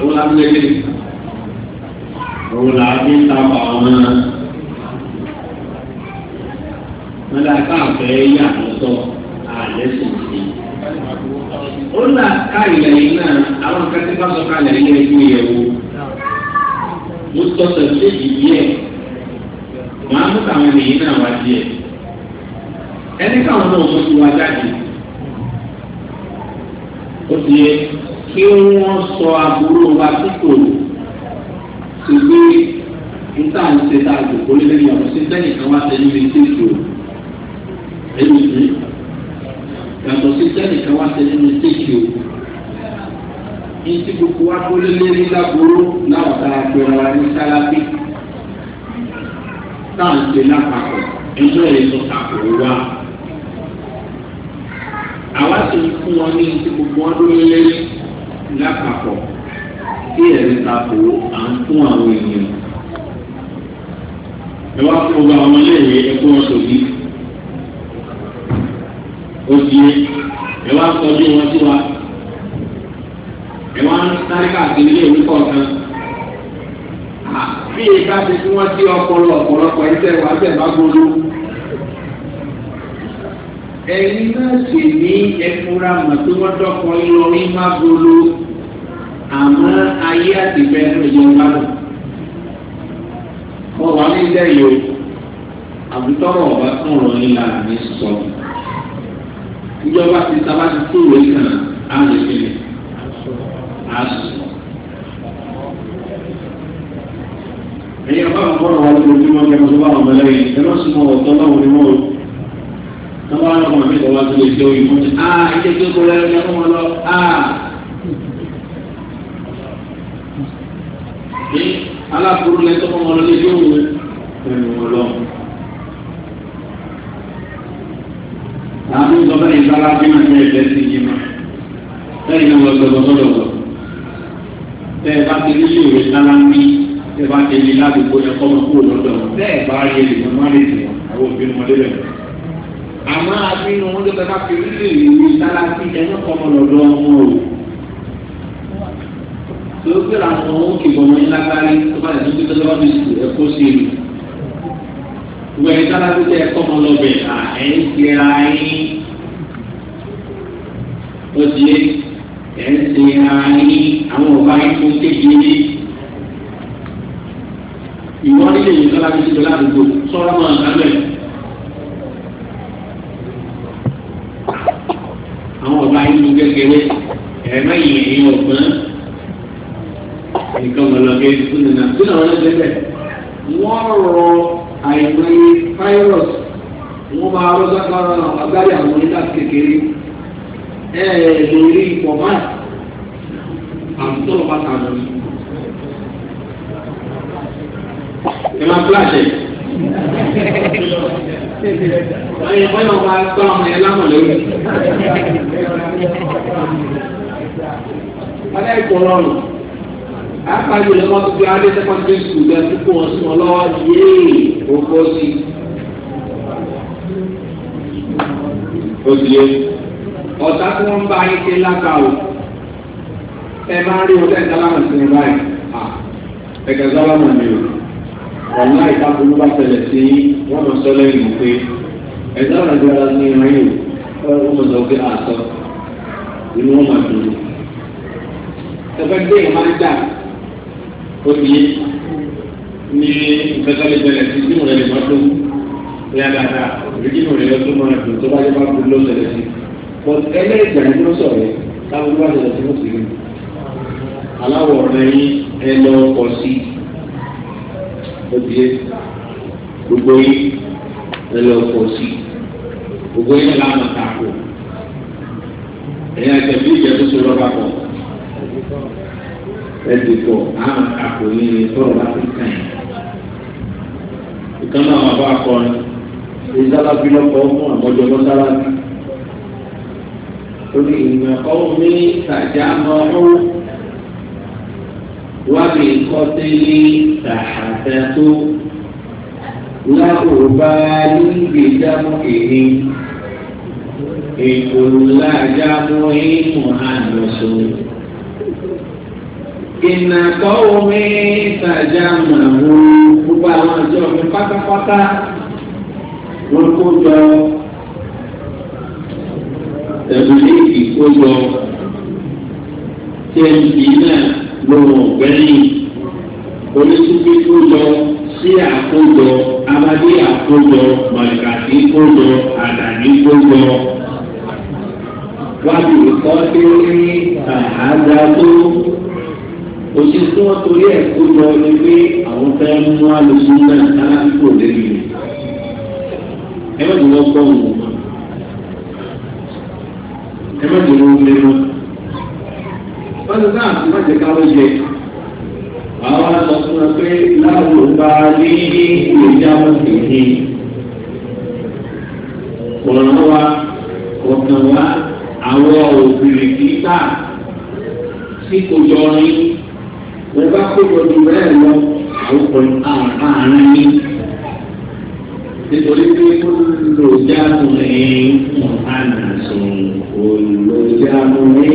òun la fi lè òun la fi ń tapà ọmọ náà. wọn dà ká àfẹ́ yà lọ́tọ̀ àlẹ́ sì sí. ó là ká ilẹ̀ yìí náà àwọn akẹ́kẹ́ bá sọ kalẹ̀ ilé ẹgbẹ́ yẹ̀ wò. mo tọ́sọ̀ sí ìdí ẹ̀ màá mú káwọn ènìyàn náà wá díẹ̀. ẹni káwọn náà wọ́n ti wá jáde. ó ti yẹ pé wọ́n sọ àbúrò wa títò sí pé níta ń ṣe tá a jòkó lé lẹ́yìn ọ̀rọ̀ sí sẹ́yìn kan wá sẹ́yìn lè ṣe ètò ẹ̀yìn ìdí yàtọ̀ sí sẹ́yìn kan wá sẹ́yìn lè ṣe ètò ìtì gbogbo wa tó lé lé ní lágbóró láwọn tá a ní sálábì tá à ń ṣe lápapọ̀ ẹjọ́ ẹ̀ lọ tàkùrọ̀ wa àwa sì ń fún wọn ní ìtì gbogbo wọn tó lé lé lápapọ̀ kí ẹ̀rí tako à ń fún àwọn èèyàn. ẹ wá fún ọgbà ọmọ iléèwé ẹkún ọ̀sọ̀ yìí ó ti yé ẹ wá tọ́jú wọn sí wa ẹ wá ń sáré káàkiri iléèwé kọ̀ọ̀kan bí ìka ti fún wọn sí ọpọlọ ọ̀pọ̀lọpọ̀ ẹsẹ̀ wàá bẹ̀ bá gbọ́dọ̀ ẹ̀yin náà sì ní ẹ̀fúra mọ̀ tí wọ́n dọ́kọ̀ lọ ní mágolo àmọ́ ayé àtìfẹ́ ìjọba lò. wọ́n wà ní ilé yìí o àbútọ́rọ̀ ọ̀bá tún ọ̀rọ̀ ńlá mi sọ. ìjọba ti sábà ti tó ìwé kan àlèkèlè àṣù. ẹ̀yin ọ̀bá àwọn ọ̀rọ̀ wọn lójoojúmọ́ kí wọ́n tó bá wọn lẹ́yìn ẹ̀ lọ́sùn mọ́ ọ̀tọ́ náà wọ́n ni wọ́n wá lọ́mọ mi lọ́wọ́ tó lè jẹ́ òyìnbó ní à ilé tó ah, kó lẹ́yìn náà wọ́n lọ à. ní alákòóró lẹ́yìn tó kọ́ wọn lọ lè jẹ́ òwò ẹ̀rù wọn lọ. àwọn ìjọba bẹ́ẹ̀ ní bára bí wọ́n ní ẹ̀fẹ́ sí yìí mọ́ lẹ́yìn náà wọ́n gbọ́dọ̀ sọ́dọ̀ wọ̀. bẹ́ẹ̀ bá ti ní ìwé sára ń bí bẹ́ẹ̀ bá ti ní ládùúgbò ẹ̀kọ́ ọmọ kúrò lọ́dọ̀ bẹ́ẹ̀ bá àmọ́ abínú wọn ló bẹ́ẹ̀ bá fi orí lè rí sáláṣí ẹni kọ́mọ lọ́dọ̀ ọmọ o. tó o gbéra àwọn ohun kìbọn wọn yín lágbárí tó bá yẹ kó tó lọ́wọ́ bí sùn ẹ kó sí i. ìwé ẹni sáláṣí tẹ ẹ kọ́mọ lọ́bẹ̀ à ẹ̀ ń ṣe ara yín. ó ń ṣe ara àwọn ọba yín tó kékeré. ìwọ́n nílé ìwé sáláṣí ti lọ sọ́ra mọ́ àgbẹ̀. kékeré ẹ̀rọ yìí ẹ̀yìn ọ̀gbọ́n nǹkan ọ̀lọ́gẹ́ ìdúnnì náà tí làwọn ẹgbẹ́ bẹ̀ wọ́n rọ àìmọye fáírọ̀sì wọ́n máa rọ́ sákàrà àgbáyé àwọn onídà kékeré ẹ̀ẹ́dẹ̀ orí ìpọ̀ máa àtúntò pátá lọ. ẹ máa pílàṣẹ. Ẹyẹ bọ́lá wa tọ́ ọmọ yẹn lámọ̀ lórí. Ọlá ẹ̀kọ́ lọ́rùn. Àpàjù lè mọ́ tuntun Adé Secondary School bẹ́ẹ̀ tó kó wọn sí wọn lọ́wọ́ yéé òkò sí. Òsìlè ọ̀tá tí wọ́n ń bá yín ké lága o. Ẹ máa ń rí ọ̀tá ìdálámọ̀ sí ní báyìí. Ẹ̀kẹ́ sábà mọ̀ ní o wọn láì káàkiri ló bá tẹ̀lẹ̀ sí wọ́n mọ̀ sọ lẹ́yìn mọ̀ pé ẹ̀dá àgbàrá ní ìrìn ọ̀rọ̀ mọ̀ sọ pé àṣọ inú wọn máa dùn. ẹgbẹ́ gbé ìmọ̀ ń dà ó di ní ìfẹ́sọ́lẹ̀ tẹ̀lẹ̀ sí sínú rẹ̀ lè má tó ní àgàdà ìrìkínú rẹ̀ lọ́tún máa dùn tó bá yẹ bá kú tẹ̀lẹ̀ sí. ẹlẹ́gbẹ̀rún ló sọ̀rọ̀ káàkiri ló tẹ̀lẹ̀ sí mọ̀ sí aláwọ̀ lóde gbogbo yìí lọ́lọ́ kò sí gbogbo yìí lọ́lọ́ àwọn tako ẹ̀yin àti ẹ̀bí ìjẹ́ tó so lọ́ba pọ̀ ẹ̀dì pọ̀ àwọn tako yìí ni tọ́lọ̀ bá fi kàn yín ìkànnì àwọn àbá akọrin ìsálábí lọ́kọ̀ ọmọ àmọ́jọ lọ́sálábí ó ní ìgbà ọ̀hún ní ìtajà náà ọ̀hún. وبالقتل تحدث لا أبالي بدمعهم إن كل دمع مهمس إن قومي تجمعوا gbogbo àwọn àjọ mi pátápátá wọn kó jọ tẹ̀lé ìkó jọ tẹ̀lé náà lọ́wọ́ ọ̀gbẹ́ni oníṣubú kójọ sí àkójọ abadé àkójọ mọ̀lẹ́kàtí kójọ àdàní kójọ. wájú ìkọ́ tí ó ní àhádá tó òṣì tí wọ́n torí ẹ̀ kójọ ni pé àwọn fẹ́ mú alùpùpù náà lásìkò lẹ́nu rẹ̀. ẹ má dùn wọ́n gbọ́ ẹ má dùn wọ́n gbé bọ́dọ̀ náà ti má jẹ́ káwọ́ yẹ. Àwọn sọ fún wọn pé láàbò bá rí ìjábọ̀ kìíní. Kọ̀ọ̀nà wa, kọ̀ọ̀kan wa, àwọn òbèrè kìí tà sí kòjọ ọ̀rìn. Mo bá kó gbọdọ̀ bẹ́ẹ̀ lọ, àwọn kọ̀ọ̀nà àárín yìí nítorí pé olùjáàmù ní mọ̀hánàsùn olùjáàmù ní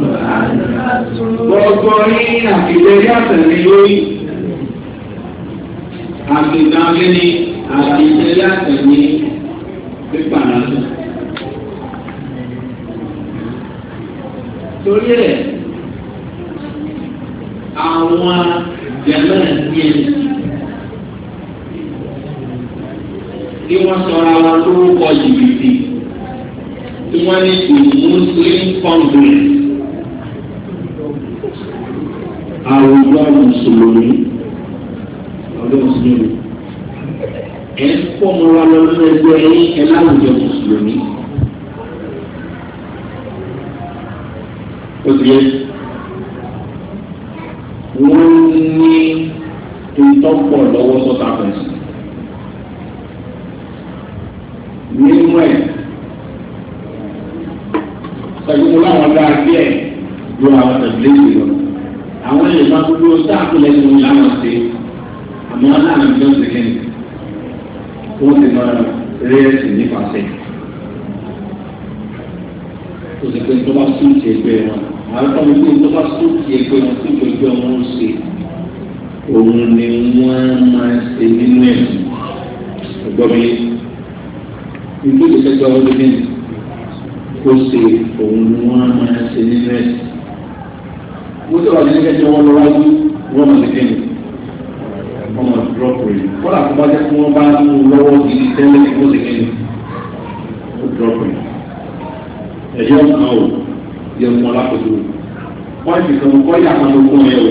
mọ̀hánàsùn. gbogbo yín àfìdé yàtọ̀ ní lórí àfìdánlé ní àfìdé yàtọ̀ ní pípàdánù. torí ẹ̀ àwọn jẹ̀mẹ́ ní ẹ̀sìn. tí wọ́n sọra wọn lórúkọ jìbìtì tí wọ́n ní kò muslim congress àwùjọ mùsùlùmí ọdún mùsùlùmí ẹ ń kó ọmọ wa lọ nínú ẹgbẹ́ yín ẹ láwùjọ mùsùlùmí. Òbí wọ́n ní ìtọ́pọ̀ lọ́wọ́ sọ́tà fẹ̀sùn. nínú ẹ̀ ṣàgbéwò láwọn dáa díẹ̀ ju àwọn tẹ̀lé ìlú lọ. àwọn lè má dúró sáàpù lẹ́nu ní àwọn ṣe àmọ́ láàrin ìjọ ṣẹlẹ̀ wọ́n ti máa rí ẹ̀sìn nípasẹ̀. ó sì pé tó bá sùn ti ẹgbẹ́ wọn àwọn tó ń gbé tó bá sùn ti ẹgbẹ́ wọn tó jọ ẹgbẹ́ wọn òun ni wọ́n máa ṣe nínú ẹ̀sìn. ọgbọ́n mi ìlú ìṣẹ́jọ́ ọdún mẹ́rin kó ṣe òun ni wọ́n máa ṣe nínú ẹ̀. mo tẹ́ wà nínú kẹ́kẹ́ wọn lọ́wọ́dún wọ́n máa ṣe kẹ́ni wọ́n máa drop rẹ̀. kọ́lá kó bá jẹ́ kí wọ́n bá mú un lọ́wọ́ gidi tẹ́lẹ̀ kó ṣe kẹ́ni ó drop rẹ̀. ẹ̀yọ́ kan ò yẹ fún alákòóso wọ́n ti kàn kọ́ yà máa ló fún o.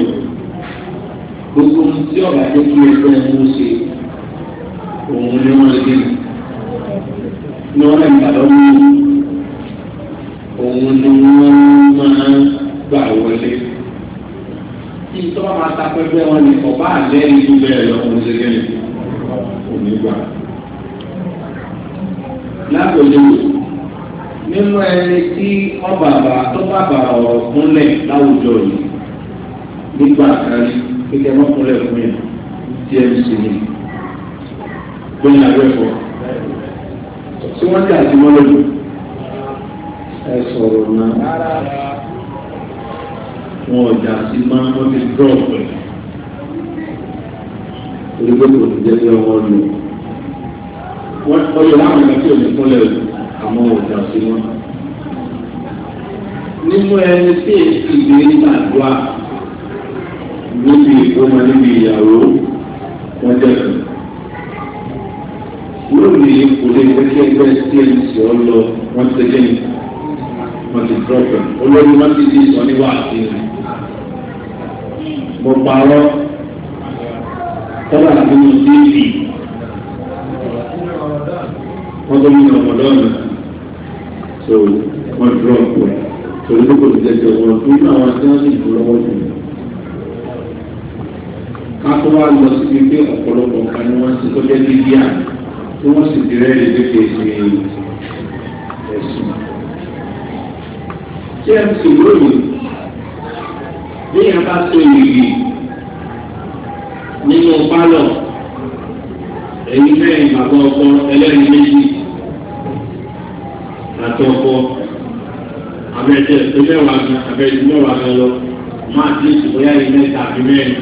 gbogbo ohun tí ọ̀gá jẹ́ kí ẹgbẹ́ ẹ̀ mú ṣe òun ni wọ́n ṣe kẹ́ni ní wọn náà gbà lọ́wọ́ òun ni wọ́n máa gbà wọlé. tí tọ́wọ́ máa ta pẹ́pẹ́ wọn ni ọba àlẹ́ ìlú bẹ́ẹ̀ lọ òun ṣe kẹ́lẹ̀ òní gbà. lágbèjọ nínú ẹni tí ọbàbà tó bàbà ọ̀rọ̀ kúnlẹ̀ láwùjọ yìí nígbà kan kíkẹ́ mọ́kúnlẹ̀ fún yẹn tí ẹ ń sinmi. gbẹ̀yìn àgbẹ̀fọ́ tí wọ́n ní àtìmọ́lódì ẹ sọ̀rọ̀ náà wọn ọjà sí máa ń lọ́dún dọ́ọ̀pù ẹ̀ torí pé kò ní jẹ́ kí ọmọ lò wọ́n ọyọ láwọn ẹ̀ka tí ò ní kúnlẹ̀ àmọ́ ọjà sí wọn. nínú ẹni tí èsì ìgbé nígbàdúrà níbi ìkómọ níbi ìyàwó wọn jẹ́ kàn lónìí kò lè gbẹ́kẹ́ ẹgbẹ́ tmc ọlọ wọn ti tẹ́kẹ́ ní wọn ti dọ́pẹ̀ olórí wọn ti di sọ níwá àti rẹ̀ mo parọ́ tọ́lá nínú déèdì wọ́n tó nínú ọmọdọ́nù tó wọ́n dọ́pẹ̀ torí kò lè jẹ́ ọ̀rọ̀ tó ní àwọn lọ ká pé ọ̀pọ̀lọpọ̀ kan ni wọ́n ti tó jẹ́ bíbí àná tí wọ́n sì ti rẹ́ lè kéèké ṣe ẹ̀sùn. tí ẹ sì lóyún bí ẹ bá ṣe ìrì nínú pálọ̀ èyí mẹ́rin bàbá ọkọ ẹlẹ́rìí méjì àti ọkọ abẹ́jẹ́ ìpínlẹ̀wà ní abẹ́jẹ́ mẹ́wàá ní lọ máa ti ìsìnkúyà yìí mẹ́ta àbí mẹ́rin.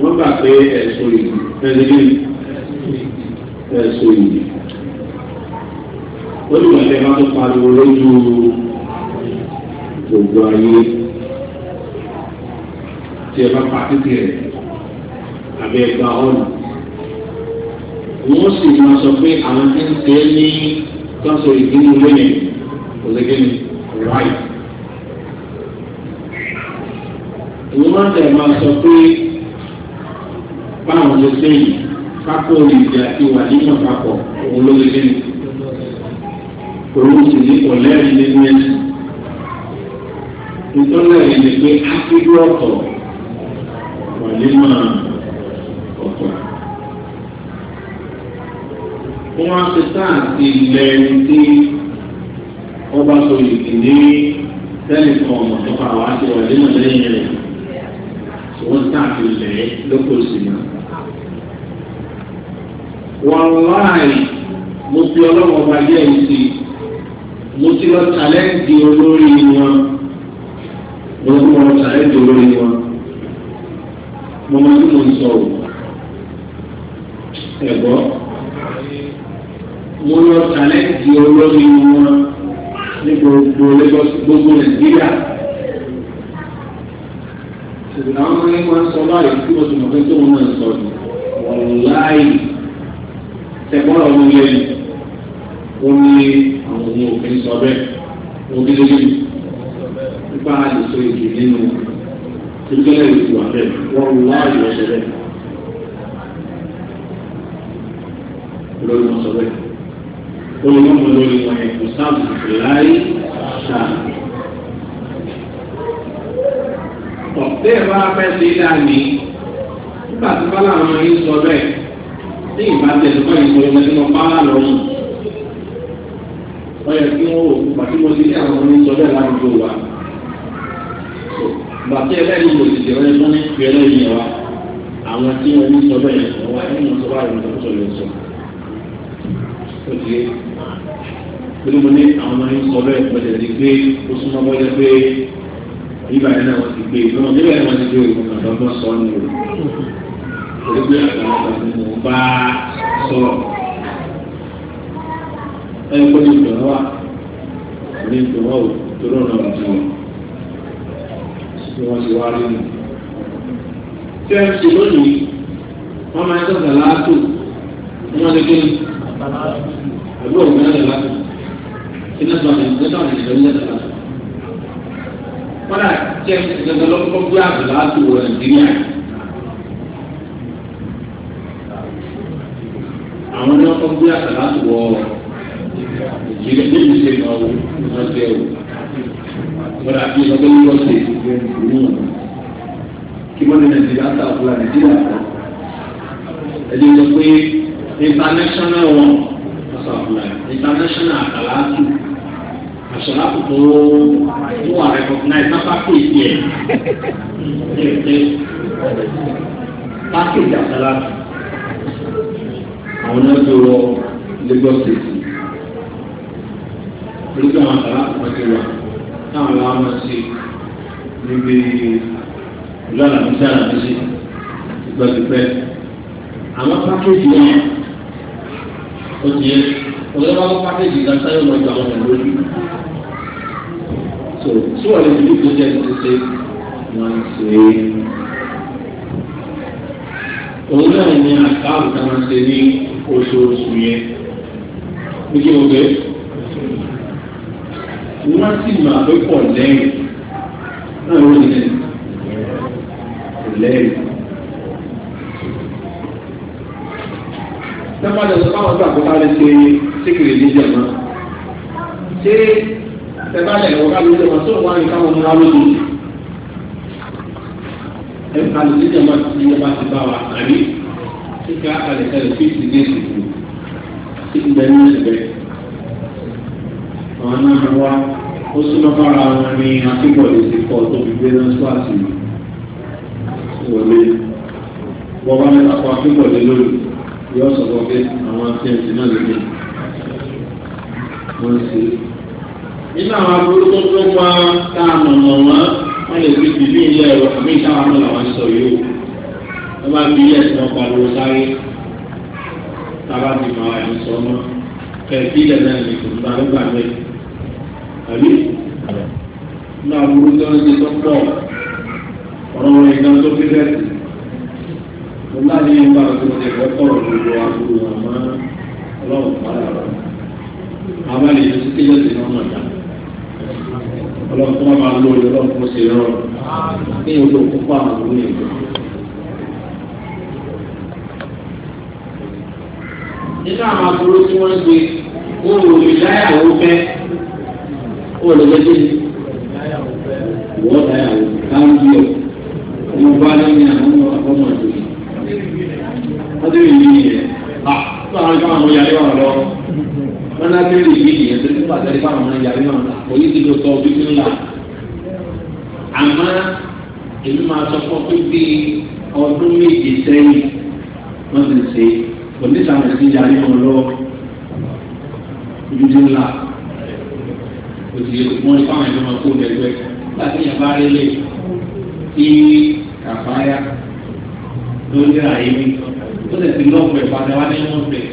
wọ́n gbà pé ẹ̀sùn ìlú fẹ́ẹ́ lé ẹ ṣe yìí ó ní ìgbàlẹ̀ máa ń pariwo lójú gbogbo ayé tí ẹ bá pa títì rẹ̀ àbí ẹ gba ọ̀nà wọ́n sì máa sọ pé àwọn tí ń ṣe ní tọ́sọ̀ ìdílé lónìí kò ráì. wọ́n máa tẹ̀ máa sọ pé báwọn ṣe yìí kápò olùdíje àti wà nínú àpapọ̀ òun ló lé lẹ́nu. Òun sì ní ọ̀lẹ́rìí nínú ẹ̀sìn. Ìtọ́lẹ̀rìí ni pé ápílú ọ̀tọ̀ wà nínú ọ̀tọ̀. Wọ́n á ti sáà ti lẹ tí ọba sọ̀rọ̀ ní tẹ́lẹ̀ kan ọ̀nà tó pa wá sí wà nínú lẹ́yìn rẹ̀. Wọ́n sáà ti lẹ̀ lókòsì náà wàláì mo fi ọlọ́wọ́ ọba yẹ ẹ̀ sí mo ti lọ tàlẹ́ǹtì olórí wọn mo ti lọ tàlẹ́ǹtì olórí wọn mo máa ń mú sọ̀rọ̀ ẹ̀gbọ́ mo lọ tàlẹ́ǹtì olórí wọn ní gbogbo lagos gbogbo nàìjíríà ṣùgbọ́n àwọn ọmọ yẹn máa ń sọ báyìí tí mo ti mọ̀ pé tó wọn máa ń sọ wàláì ẹ̀gbọ́n àwọn ilé yìí ó ní àwọn ohun òfin sọ bẹ́ẹ̀ òbí lórí nípa àdìsọ èdè nínú ìgbẹ́lẹ̀ ìlú àbẹ̀ wọ́n wú láàyè ọ̀sẹ̀ bẹ́ẹ̀. lórí wọn sọ bẹ́ẹ̀ olùmọ̀mọ́ lórí wọn yẹn kò sáàbù láyé sáà. ọ̀pẹ́ ìwà afẹ́sẹ̀ dáa ní nígbà tí bá yìí sọ bẹ́ẹ̀ tí ìbá tẹ̀sí kọ́ ìsọ ìmọ̀ sínú pálá lọ yìí wọ́n yẹ kí wọ́n wò pàtí mo ti ní àwọn oníṣọ́ bẹ́ẹ̀ láwùjọ wa bàtí ẹlẹ́yìn kò sì tẹ̀wé fún ní ẹlẹ́yìn wa àwọn tí wọ́n ní sọ bẹ́ẹ̀ yẹn wọ́n ẹ̀yìn sọ bá yẹn tó lè sọ. ó ti yé pẹ̀lú mo ní àwọn ọmọ sọ bẹ́ẹ̀ pẹ̀lẹ́ ti gbé ó súnmọ́ bọ́jẹ́ pé ìbàdàn náà ti gbé gbogbo àgbàlagbà mò ń bá sọ̀rọ̀ ẹ kó ní ìdùnnú wa ní ìdùnnú wa tó lọ́nà àti wọn wọ́n ti wá nínú. tí a ti lónìí wọ́n máa ń sọ̀tà láàtò wọ́n máa ń gbé àbúrò òmìnira lè láàtò kí náà tó àti ìgbésà àti ìgbésà lè láàtò. wọ́n dà tí a ti gbẹ̀gbẹ̀ lọ́kọ́ gbé àbúrò láàtò wọ nàìjíríà. gbé àtàlà ń wọ ìjìnlẹ̀ níbi ṣe máa wò wọ́n jẹ́ o. Wọ́n àti ìlọ́gbẹ́ ní wọ́n ṣe ìgbẹ́ ìlú kí wọ́n ní Nàìjíríà ta ọ̀pọ̀lá Nàìjíríà kan. Ẹ̀jẹ̀ lọ pé international wọn ọ̀sán ọ̀pọ̀lá international àtàlà tù àṣọlá kò tó tó wà recognize náà package yẹ. Package àtàlà tù àwọn náà ti wọ Lagos state lókè àwọn àgbà wọn ti wà táwọn ará wọn ṣe níbi ìlànà àti sára àti ṣe ìgbà pípẹ́ àwọn pákéjì wọn ó ti yẹ ọ̀dọ́ wọn pákéjì kan sáyọ̀ lọ́jọ́ àwọn ọ̀dọ́ lórí so tí wọ́n lè fi tó jẹ́ ti ṣe wọ́n ṣe é. òun náà ni àkáàbù táwọn ṣe ní oṣooṣù yẹn ní kí ló dé wọ́n sì máa pé pọ̀ lẹ́yìn náà ló ní lẹ́yìn. Tẹ́lá jẹ́ sọ fáwọn gbàgbọ́ bá lè ṣe síkìrì níjẹ̀ mọ́. Ṣé tẹ́lá jẹ́ ìwọ̀n ká lóṣèlú wọn tó wà ní káwọn ọmọ alóṣù? Ẹ̀ka lè níjẹ̀ mọ́ ti yẹ bá ti bá wa àrí. kíkà àkàlẹ̀kàlẹ̀ fíìsì ní ìsìnkú tí ń bẹ ní ìsìnkú àwọn náà wá ó súnmọ́ bára wọn ní akíkọ̀lẹ̀ ìsìnkọ̀ tó fi gbé náà síwájú wọlé wọ́n bá mẹ́ta kọ́ akíkọ̀lẹ̀ lórí yóò na pé àwọn akíyèsí náà lè dé wọ́n ń ṣe. nínú àwọn aburú tó tó pa tá a mọ̀mọ̀ wọn wọ́n lè fi bìbí ilé ẹ̀rọ àmì sọ wọ́n bá fi yẹ ẹ̀sìn ọkọ̀ àlọ́ sáré tábà ti mọ àyè sọ ọmọ kẹ̀kí ilẹ̀ náà lè tó nípa nígbà bẹ́ẹ̀ àbí nígbà burú tó ń ṣe tó pọ̀ ọ̀rọ̀ wọn ìgbà tó fi bẹ́ẹ̀ mo bá ní ìgbà tó ti ẹ̀kọ́ kọ̀rọ̀ gbogbo àbúrò àmọ́ ọlọ́run padà rọ̀ àwọn ènìyàn tó ti yẹ ẹ̀sìn ọmọ ìyá ọlọ́run tó máa lò ọlọ́run tó ṣe rọrùn ní ìlú òkú nínú àwọn aburú tí wọ́n ń gbé wọn ò lè láyàwó fẹ́ wọn ò lè lẹ́jẹ́ ní. ìwọ́n láyàwó káwọn bí ọ ọmọ bá lẹ́yìn àwọn ọmọ àti wọ́n ti rìn yìí yẹn à fún àwọn ìfọwọ́n àwọn yàrá wọn lọ wọn náà ti rìn yìí yẹn tó ti pàṣẹ nípa àwọn yàrá wọn lọ òyìn ti lọ sọ ọdún tó ń là àmọ́ èmi máa sọ fún ọdún méje sẹ́yìn wọ́n ti ṣe é oníṣàmù sí yarí wọn lọ ojú ńlá òtí wọn fáwọn ẹgbẹ́ wọn kó lẹ́gbẹ́ láti yẹn bá rí lè kí kàfáyà tó ń dira yìí ó sì ti lọ́pẹ̀ padà wá ní wọn pẹ̀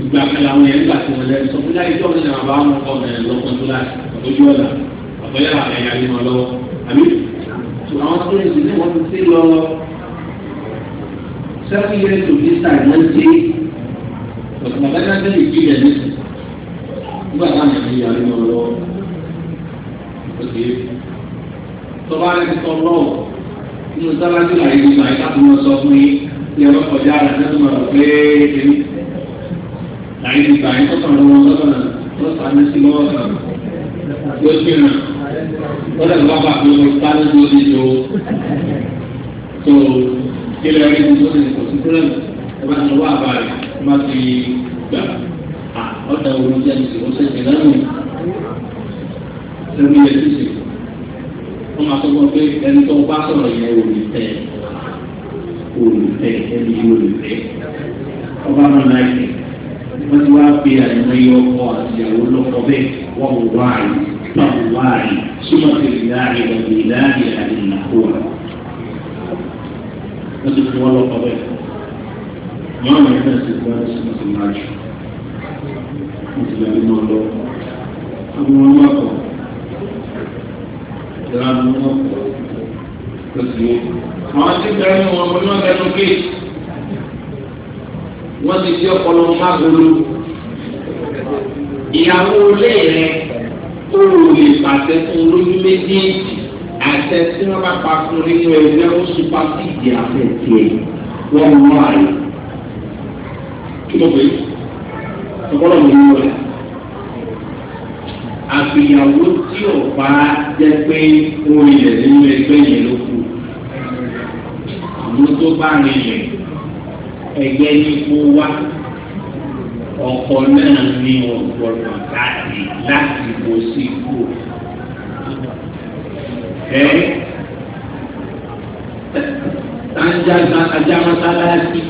ìgbà kan làwọn yẹn nígbà tí wọn lẹ sọ fún láyé tí wọn nà bá wọn kọ ọmọ lọkàn tó láti ojú ọ̀la ọ̀pọ̀ yàrá ẹ̀yà ni wọn lọ́wọ́ àbí àwọn tó ń sìn ní wọn ti lọ seven years to this time wọ́n ṣe ọ̀sùn bàbá náà tẹ̀lé rẹ̀ ní nígbà táwọn ẹ̀mí yà nínú ọ̀rọ̀ òkè tọ́ba rẹ̀ sọ lọ́ọ̀ nínú sábàjì àyè nígbà yìí káàkiri wọn sọ fún yín ní ẹ̀rọ kọjá rẹ̀ tẹ́tù máa rò pé èmi àyè nígbà yìí tọ́kàn lọ́wọ́ lọ́sọ̀nà lọ́sọ̀nà sí lọ́wọ́ kan yóò ṣe ràn lọ́dọ̀ bàbá àti ọmọ ìpánú tó ti tó tó kílẹ̀ ẹni tó ti kò sí sílẹ̀ ẹ bá ti wá àbá ẹ má fi gbà á ọ̀dà òun jẹ́ ti ó ṣẹ̀ṣẹ̀ lẹ́nu lórí ẹ̀ ṣíṣe wọ́n máa tọ́gbọ́n pé ẹni tó bá sọ̀rọ̀ yẹn ò ní ẹni yóò ọba náà náà yẹ wọ́n ti wá pe àìmọye ọkọ àti ìyàwó lọ́kọ bẹ́ẹ̀ wọ́n àyè wọ́n wá àyè súnmọ́ sí ìlà ìlà ìlà ìlà ìlà ìlà wọ́n ti fi wọ́n lọ́kọ̀ bẹ́ẹ̀. Wọ́n àwọn ẹgbẹ́ ti gbọ́ sí wọ́n ti máa jù. Wọ́n ti yàrá náà lọ. Àwọn ọmọ ọkọ̀ ìlà àwọn ọmọ ọkọ̀ ló ti yé. Àwọn tí bẹ̀rẹ̀ ní wọn ní wọ́n bẹ̀rù gé. Wọ́n ti fi ọpọlọ mágolo. Ìyàwó olé rẹ̀ ó lè pàṣẹ fún olóyún méjèèjì àṣẹ tí wọ́n bá pa fún nínú ẹgbẹ́ ó súpa sí ìdí àfẹ́ tiẹ̀ wọ́n mú àyè. kí ló pé ọgbọ́dọ̀ mi ń wẹ̀. àfìyàwó tí ò bá jẹ́ pé ohun ilẹ̀ nínú ẹgbẹ́ yẹn ló kù àmọ́ tó bá rinlẹ̀ ẹgbẹ́ ní kó wá ọkọ náà ní ọgbọ́dọ̀ láti láti bó sí kúrò ẹ eh? ajá mọ́sálásí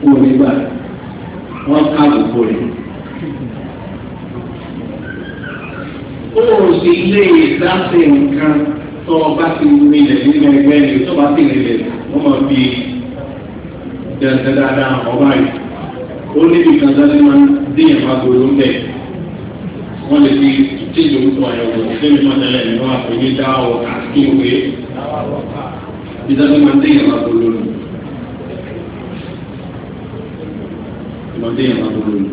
kó o nígbà wọ́n ká àbùkù rẹ̀. ó sì lè dáṣe nǹkan tó o bá ti rinlẹ̀ nínú ẹgbẹ́ rẹ̀ tó o bá ti rinlẹ̀ wọ́n máa fi dandan dáadáa ọba rẹ̀ ó níbi kan dáadáa máa ń dín ẹ̀fà gbòòrò ń bẹ̀ wọ́n lè fi tí ìlú tó àyẹ̀wò lórí mọ́tẹ́lẹ̀ ní wọ́n àpò ní dáwọ̀ àti ìwé ìdájọ́ máa ń déyàn máa tó lónìí. máa déyàn máa tó lónìí.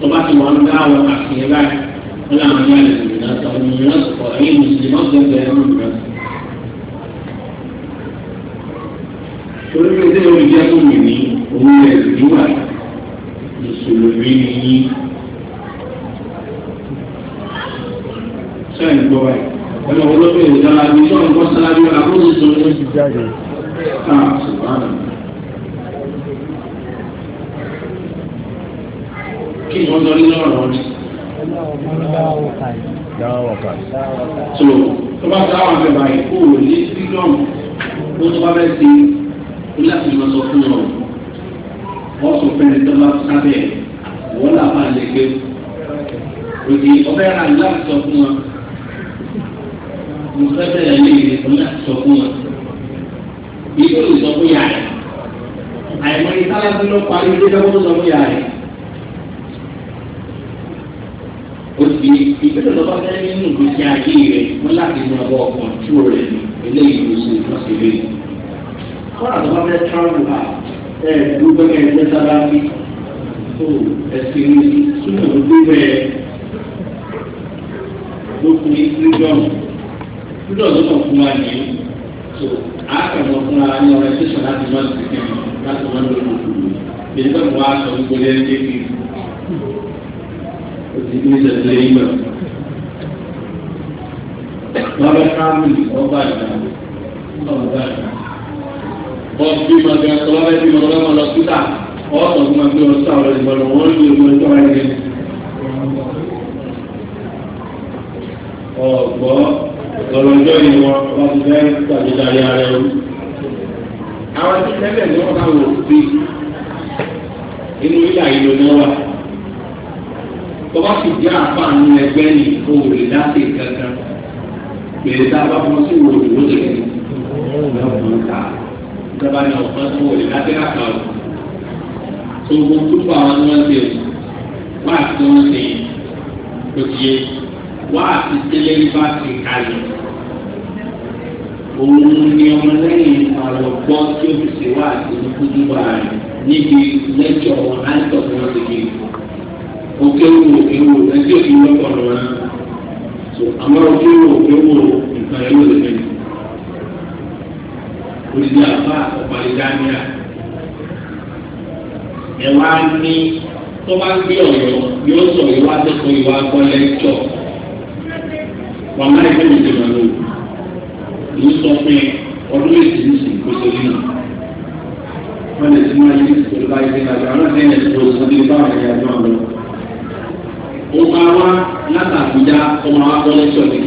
tó bá ti wọ́n dáwọ̀ àti ìwé báyìí wọ́n láwọn ní àlejò ìdájọ́ ní ìrọ́sọ̀kọ̀ ẹ̀yìn mùsùlùmí ọ̀sẹ̀ bẹ̀rẹ̀ ọ̀rùn rẹ̀. torí pé tí o lè jẹ́ tó wù ní òun rẹ̀ ìdíwà yìí mùsùlùmí ni yín sẹ́yìn gbọ́ ẹ̀ ẹnu olóbè ìdára ní sọ́run kọ́ sálábí ọ̀la kó sì sọ́run ó ti jáde náà ṣùgbọ́n kí wọ́n sọ nínú ọ̀rọ̀ ọ̀dí. so tó bá sáwọn àgbẹ̀ báyìí kó o ní fídọ́ọ̀mù ó tó bá bẹ́ẹ̀ sí ó láti lọ fún ọ̀rọ̀ wọ́n sọ fẹ́ni tó bá sábẹ́ wọ́n là máa lè gbé òdì ọbẹ̀ rà láti sọ fún wọn mo fẹ́ bẹ̀rẹ̀ lé ìrètò láti sọ fún wọn ìgbó lè sọ fún yàrá àìmọ̀ ìtàlágbé ló parí ilé lọ́wọ́ tó sọ fún yàrá òdì ìgbésẹ̀ tó bá fẹ́ nínú ìgbésí ayé rẹ̀ wọ́n láti mú ọgbọ́n ọkàn tí ó rẹ̀ ní eléyìí ló ṣe ìtọ́sílẹ̀ kọ́ra tó bá fẹ́ tọ́lù ẹ̀ẹ́dúgbẹ́ ẹ̀ẹ́dẹ́ sábà bí tó ẹ̀sìn ní súnmọ̀ ló bẹ̀rẹ̀ lókun ní fúlíọ̀mù fúlíọ̀mù ló kàn fún wa ní tó àákàmọ̀ fún wa ní ọ̀rẹ́ tó sọ̀rọ̀ láti máa ti kẹ́ láti máa lórí òkú mi nígbà tó ọgbà ìgbà ọgbà ìgbà wọ́n bí ma gan tọ́lá bí ma lọ́wọ́ lọ síta wọ́n sọ fún ma pé wọ́n sá ọ̀rọ̀ ìbọn wọ́n lè mú ẹjọ́ ayé. ọ̀gbọ́ lọ́lọ́jọ́ yìí wọ́n wọ́n ti fẹ́ tàbí darí ara ẹ̀rú. àwọn tí tẹ́lẹ̀ ní wọ́n káwọn òfin inú ilé àyè ló wà. tọ́wọ́ sì jẹ́ àfààní ẹgbẹ́ ní òòlù láti kankan. Gbèrè tá a bá fọ́n sí òòlù ló lè ní. ọ̀gbọ́n ta ìjọba ní ọ̀pọ̀ tó wọlé lábẹ́rẹ́ àkàrò tó gbogbo púpọ̀ àwọn tí wọ́n ń bẹ̀rù wá àti tí wọ́n ń sìn lókìyé wá àti tẹ́lẹ̀rí bá ti kalẹ̀ òun ni ọmọ lẹ́yìn àlọ́gbọ́ tí ó fi ṣe wá àti oníkúndú bá rẹ̀ níbi lẹ́jọ́ àìsàn tí wọ́n ti gbé òkè wò òkè wò ẹjọ́ ìlú ọ̀pọ̀ lọ́wọ́ àwọn òkè wò òkè wò nǹkan ẹ̀rọ ìfẹ́ olùdí àbá ọ̀pọ̀lẹ̀ dáníà ẹ wá ní tó bá gbé ọ̀yọ́ yóò sọ ìwà tó kọ ìwà gbọ́lẹ̀ jọ wọn máa ń gbẹ́mí ìjọba lò ní sọ pé ọdún èsì ní sìn kó sórí nù wọn lè ti máa yí ìṣòro bá yí nígbà àwọn ọ̀sẹ̀ yẹn ti sọ ní bá àwọn ẹ̀yà náà lọ. ó máa wá látàkùjá ó máa wá gbọ́lẹ̀ jọ ní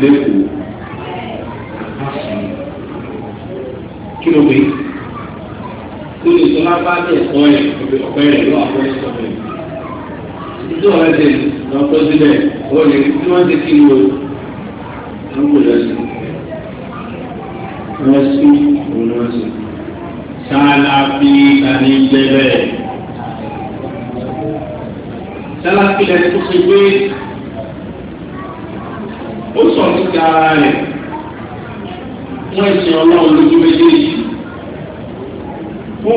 lẹ́kọ̀ọ́ kí ló wé tó lè sọ lábá bẹ́ẹ̀ sọ ẹ̀ ọ̀pẹ ọ̀pẹ rẹ̀ ló àpọ̀ ẹ̀ sọ ẹ̀ títí ọ̀rẹ́ tẹ̀ lọ tó síbẹ̀ ó lè tí wọ́n ti kí ni o wọ́n kò lọ sí wọ́n sí òun wọ́n sí. sálábí tani bẹ́ẹ̀ sálábí lẹni tó ṣe gbé ó sọ nípa rẹ̀ wọ́n ìsìn ọlọ́run lójú méjèèjì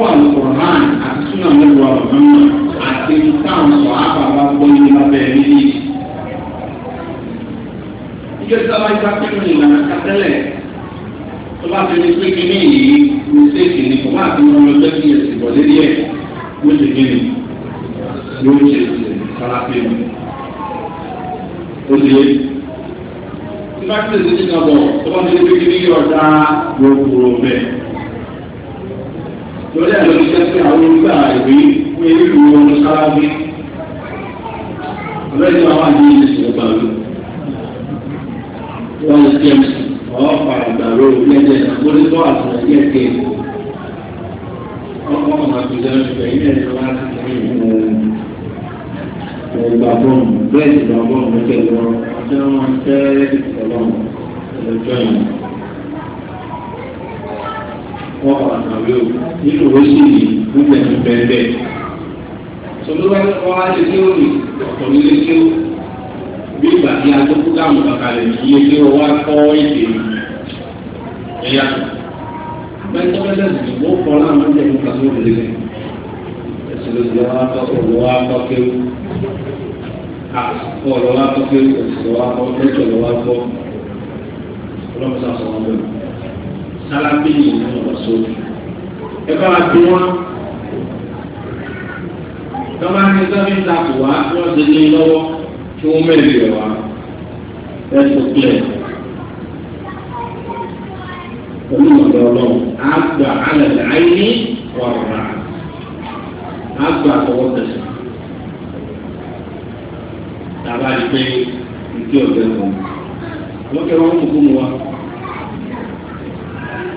wà ní kọ̀ọ̀hán àti súnà mẹ́wàá ọ̀hún àti táwọn sọ àbàbà gbọ́ ní lábẹ́ nílì. Ìjọ sábà ìgbà pẹ̀lú ìlànà kátẹ́lẹ̀ tó bá fi ní pé kí ní ìyí ní séèkì ní kò máa fi wọn lọ bẹ́ẹ̀ kí ẹ̀sìn bọ̀ lérí ẹ̀ ló ṣe kí ni ló ń ṣe sára pé mi. Ó ti yé. Ìgbà tí ìṣèjì kan tó bá fi pé kí ní yọ̀ọ̀dá yóò kúrò bẹ́ẹ̀ lórí àjọ ìṣẹ́ pé àwọn onígbà ìwé fún eré ìlú ọmọ sáráwí ọlọ́ọ̀dì máa wà ní ìṣẹ̀lẹ̀ ìgbà lọ. wọ́n jẹ́ ọ̀pá ìgbàlódé ẹgbẹ́ ìgbàlódé àti ẹgbẹ́ ọkọ̀ ọmọ àgbẹ̀dẹ ọ̀ṣẹ̀ ilé ẹ̀rọ láti ṣe ìgbà bọ́ọ̀mù bẹ́ẹ̀ ìgbà bọ́ọ̀mù tẹ̀lé ọ wọ́n padà kàwé o nínú owó sì ní oúnjẹ tó bẹ́ẹ̀ bẹ́ẹ̀. sọlọ́wọ́ wọn á lè kí ó rìn ọ̀tọ̀ nílé kí ó bí ìgbà tí a tó kú dáhùn kàkàlẹ̀ yìí yé kí ó wá kọ́ èdè ẹ̀yà tó. mẹ́tọ́mẹ́tẹ́ sì wọ́n kọ́ láwọn oúnjẹ tó kà sóò lélẹ̀. ẹ̀sìn ló ti wá kọ́ ọ̀rọ̀ wá kọ́ kéwù. ọ̀rọ̀ wá kọ́ kéwù ẹ̀sìn ló wá kọ́ sálábí yìí ní ìwọ̀sọ́ ẹ bá wa bí wọn tọ́ba ní sọ́bí takò wá tí wọ́n ti ní e lọ́wọ́ tí wọ́n mẹ́rin rẹ̀ wá ẹ tó kílẹ̀ pẹ̀lú ọ̀dọ́ ọlọ́run á gbà alẹ́ láyé ní ọ̀rọ̀ á gbà àtọwọ́ tẹ̀sán tàbá rí pé ìdí ọ̀dẹ́ kan wọ́n kẹ́ wọ́n mú kó wá.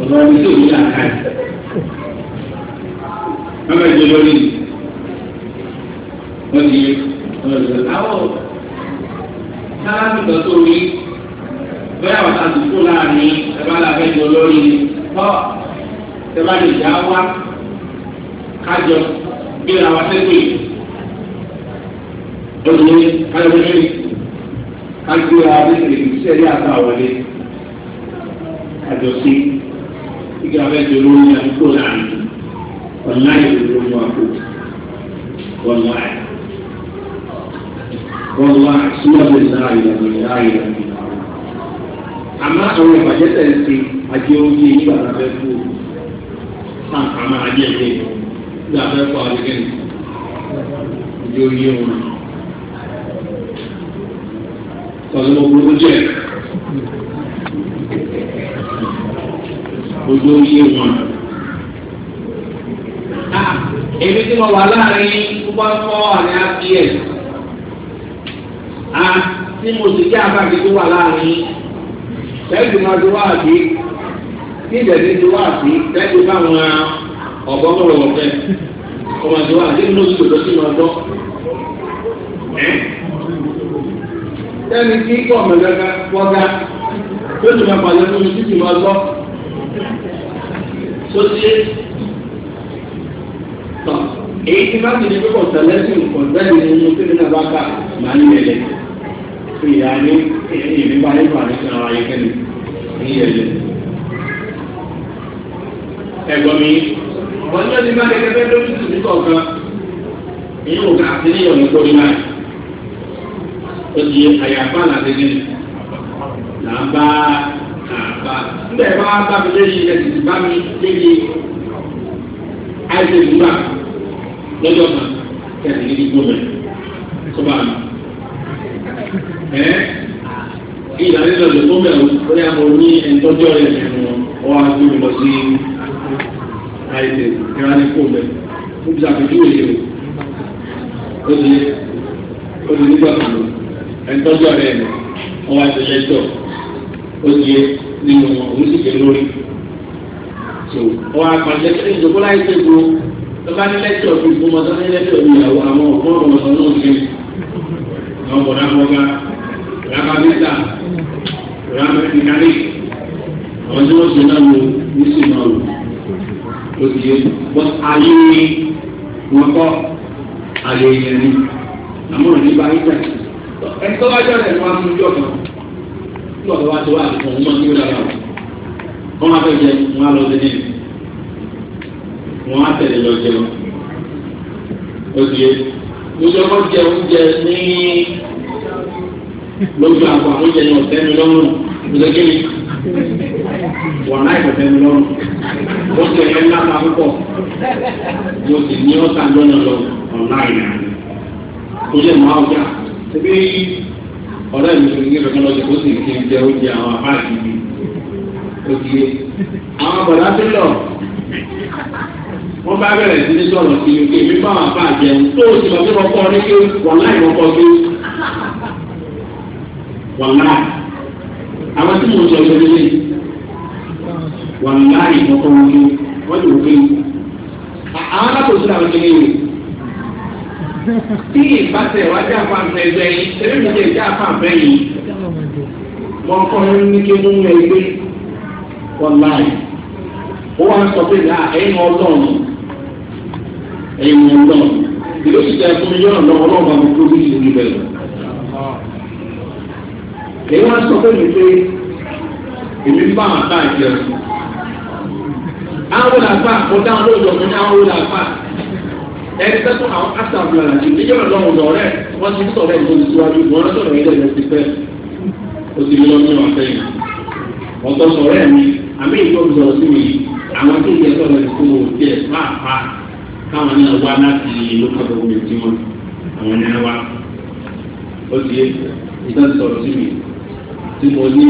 ọ̀rọ̀ ní tó yí àkàyè. wọ́n bẹ̀ jẹ lórí wọ́n ti yé wọ́n lè sọ àwọn sáà nìkan tó rí bóyá wọ́n ta dùkú láàrin ẹ̀bá la fẹ́ jọ lórí tọ́ ẹ̀bá lè já wá kájọ bí ra wa sẹ́kùn olùwé kájọ kájú ra bí ìrìnsẹ́lẹ̀ àtàwọlé àjọṣe kí abẹ́jọ ló ń yàtú kó láàrin ọ̀láyé ló ń wá kó wọ́láyé wọ́láyé síwájú náà ìyàwó náà ìyàwó náà. àmọ́ àwọn ìbàjẹ́ tẹ̀lé sí ajé oúnjẹ nígbà tá a fẹ́ kú àmọ́ ajé ẹ̀jẹ̀ nígbà tá a fẹ́ kú àwọn ẹ̀jẹ̀ nìkan ìjọ yé wọn. ọ̀sán mo burú jẹ́ ojú yé wọn. Ah, èmi tí mo wà láàrin púpọ̀ fọ́ àní APS. A ah, tí mo sì jẹ́ àbájé tó wà láàrin. Tẹ́lifù máa ti wá àbí. Kí ìdẹ̀dẹ̀ ti wá àbí. Tẹ́lifù báwọn ọ̀gbọ́n mọ̀rọ̀ wọ̀fẹ́. Ọmọ ti wá àbí nínú ìṣòro sí ma dọ́. Tẹ́lifù kí kọ́ ọ̀mọ̀ gẹ́gẹ́ wọ́gá. máa pàdé fún mi títí máa gbọ́ tó ṣe tán èyí tí máa ti di pípọ̀ tẹ̀lẹ́sìn kọ̀ọ̀tẹ́lì nínú síbi náà bá kà máa ń yẹlẹ̀ fún ìyá ní èyí bá nípa àdéhùn àwọn ayékẹ́ni ń yẹlẹ̀. ẹ̀gbọ́n mi wọ́n ní ọdún bá kẹ́kẹ́ fẹ́ lórí tìbí kọ̀ọ̀kan èyí wò ká àti níyọ̀ ní kórìí náà ó di àyàfà làdéhùn là nígbà bá bá mi lẹ́yìn ẹ̀sìn bá mi lẹ́yìn àìsàn ìgbà lọ́jọ́ kan kí a ní gbogbo rẹ̀ tó bá mi. ẹ kí ìdájọ́ ìjọba tó bẹ̀rù ó ní àwọn oní ẹ̀ńtọ́jọ́ rẹ̀ nínú ọwọ́ àti olùkọ́ sí àìsàn ìrànlẹ́ kó bẹ̀ fún ìṣàpèjúwe yìí ó ti ó ti nígbà kan ẹ̀ńtọ́jọ́ rẹ̀ ọwọ́ àti ẹ̀ńtọ́jọ́ ó yẹ nínú òun sì jẹ lórí. wọn àpàṣẹ pé ìjọba láì ṣe gbó lọ́ba ní lẹ́tọ̀ fi fún ọmọdé ní lẹ́tọ̀ ní ìyàwó àwọn ọ̀gbọ́n ọmọdé náà ṣe. àwọn bọ̀dá mọ́gá rábà mẹ́ta rábà mẹ́tìkárì àwọn tí wọ́n ṣe náà lò ní sì náà lò. ó yẹ bọ́ ayé ni wọ́n kọ́ ayé yẹn ni àmọ́ nípa ìjà ẹ̀tọ́ wájú ọ̀rẹ́ wọn á fún ìjọ kan tí wọ́n ti wá ti wá àti fún wọn ní ìlànà wọn máa fẹ́ jẹ wọn á lọ sí níbi wọn á tẹ̀lé lọ jẹun oṣù yẹn oṣù ọkọ jẹ oúnjẹ ní lójú àpò àwọn oúnjẹ ní ọ̀sẹ̀ mi lọ́rùn ni, wọn náà ìfọ̀sẹ̀ mi lọ́rùn wọ́n ti ẹ̀yẹ ńlá máa púpọ̀ mo sì ní ọ̀sán lọ́nà lọ ọ̀nà ìrìn àjò oṣù ẹ̀ máa ọjà ṣẹbi ọ̀rẹ́ mi ní kankan lọ́jọ́ ó sì kí n jẹ oúnjẹ àwọn apáàkì mi ó ti yé àwọn bọ̀dá tó lọ wọ́n bá bẹ̀rẹ̀ sí ní sọ̀rọ̀ sí uk mi bá wọn apá jẹun tó o sì lọ sí ọkọ ní kí wọ́n láì wọ́pọ̀ sí wọ́n láì àwọn tí mo sọ yọ nílé tí ìbátẹ̀ wá já fáńfẹ́ ẹgbẹ́ yìí tẹ́lẹ̀ mi jẹ́ já fáńfẹ́ yìí wọ́n kọ́ ní kí mú ẹgbẹ́ wọn láàyè ó wá ń sọ pé náà ẹ̀yin ọlọ́run ẹ̀yin ọlọ́run ìlú ìjà fún mi yọ̀rọ̀ lọ́wọ́ lọ́wọ́ bá mi kú bí ìlú bẹ̀rẹ̀ èyí wá sọ pé mi pé èmi bá àbá jẹun àwọn àbá mo dáhùn lóòjọ́ mo ní àwọn àbá ẹni sẹ́tọ̀ àwọn asàbù àlàjì níjọba lọ́wọ́ ọ̀rẹ́ wọ́n ti sọ̀rọ̀ ẹ̀ tó ti síwájú wọn sọ̀rọ̀ ẹ̀ lẹ́yìn ti pẹ́ o ti lọ ní ọ̀fẹ́ yìí wọ́n tọ́ sọ̀rọ̀ ẹ̀ mi àmì ìjọba sọ̀rọ̀ sí mi àwọn tó yẹ sọ̀rọ̀ ẹ̀ tó wọ́n tiẹ̀ pàápàá káwọn náà wá láti local government wọn àwọn náà wá ó ti yẹ ìtàn sọ̀rọ̀ sí mi tí mo ní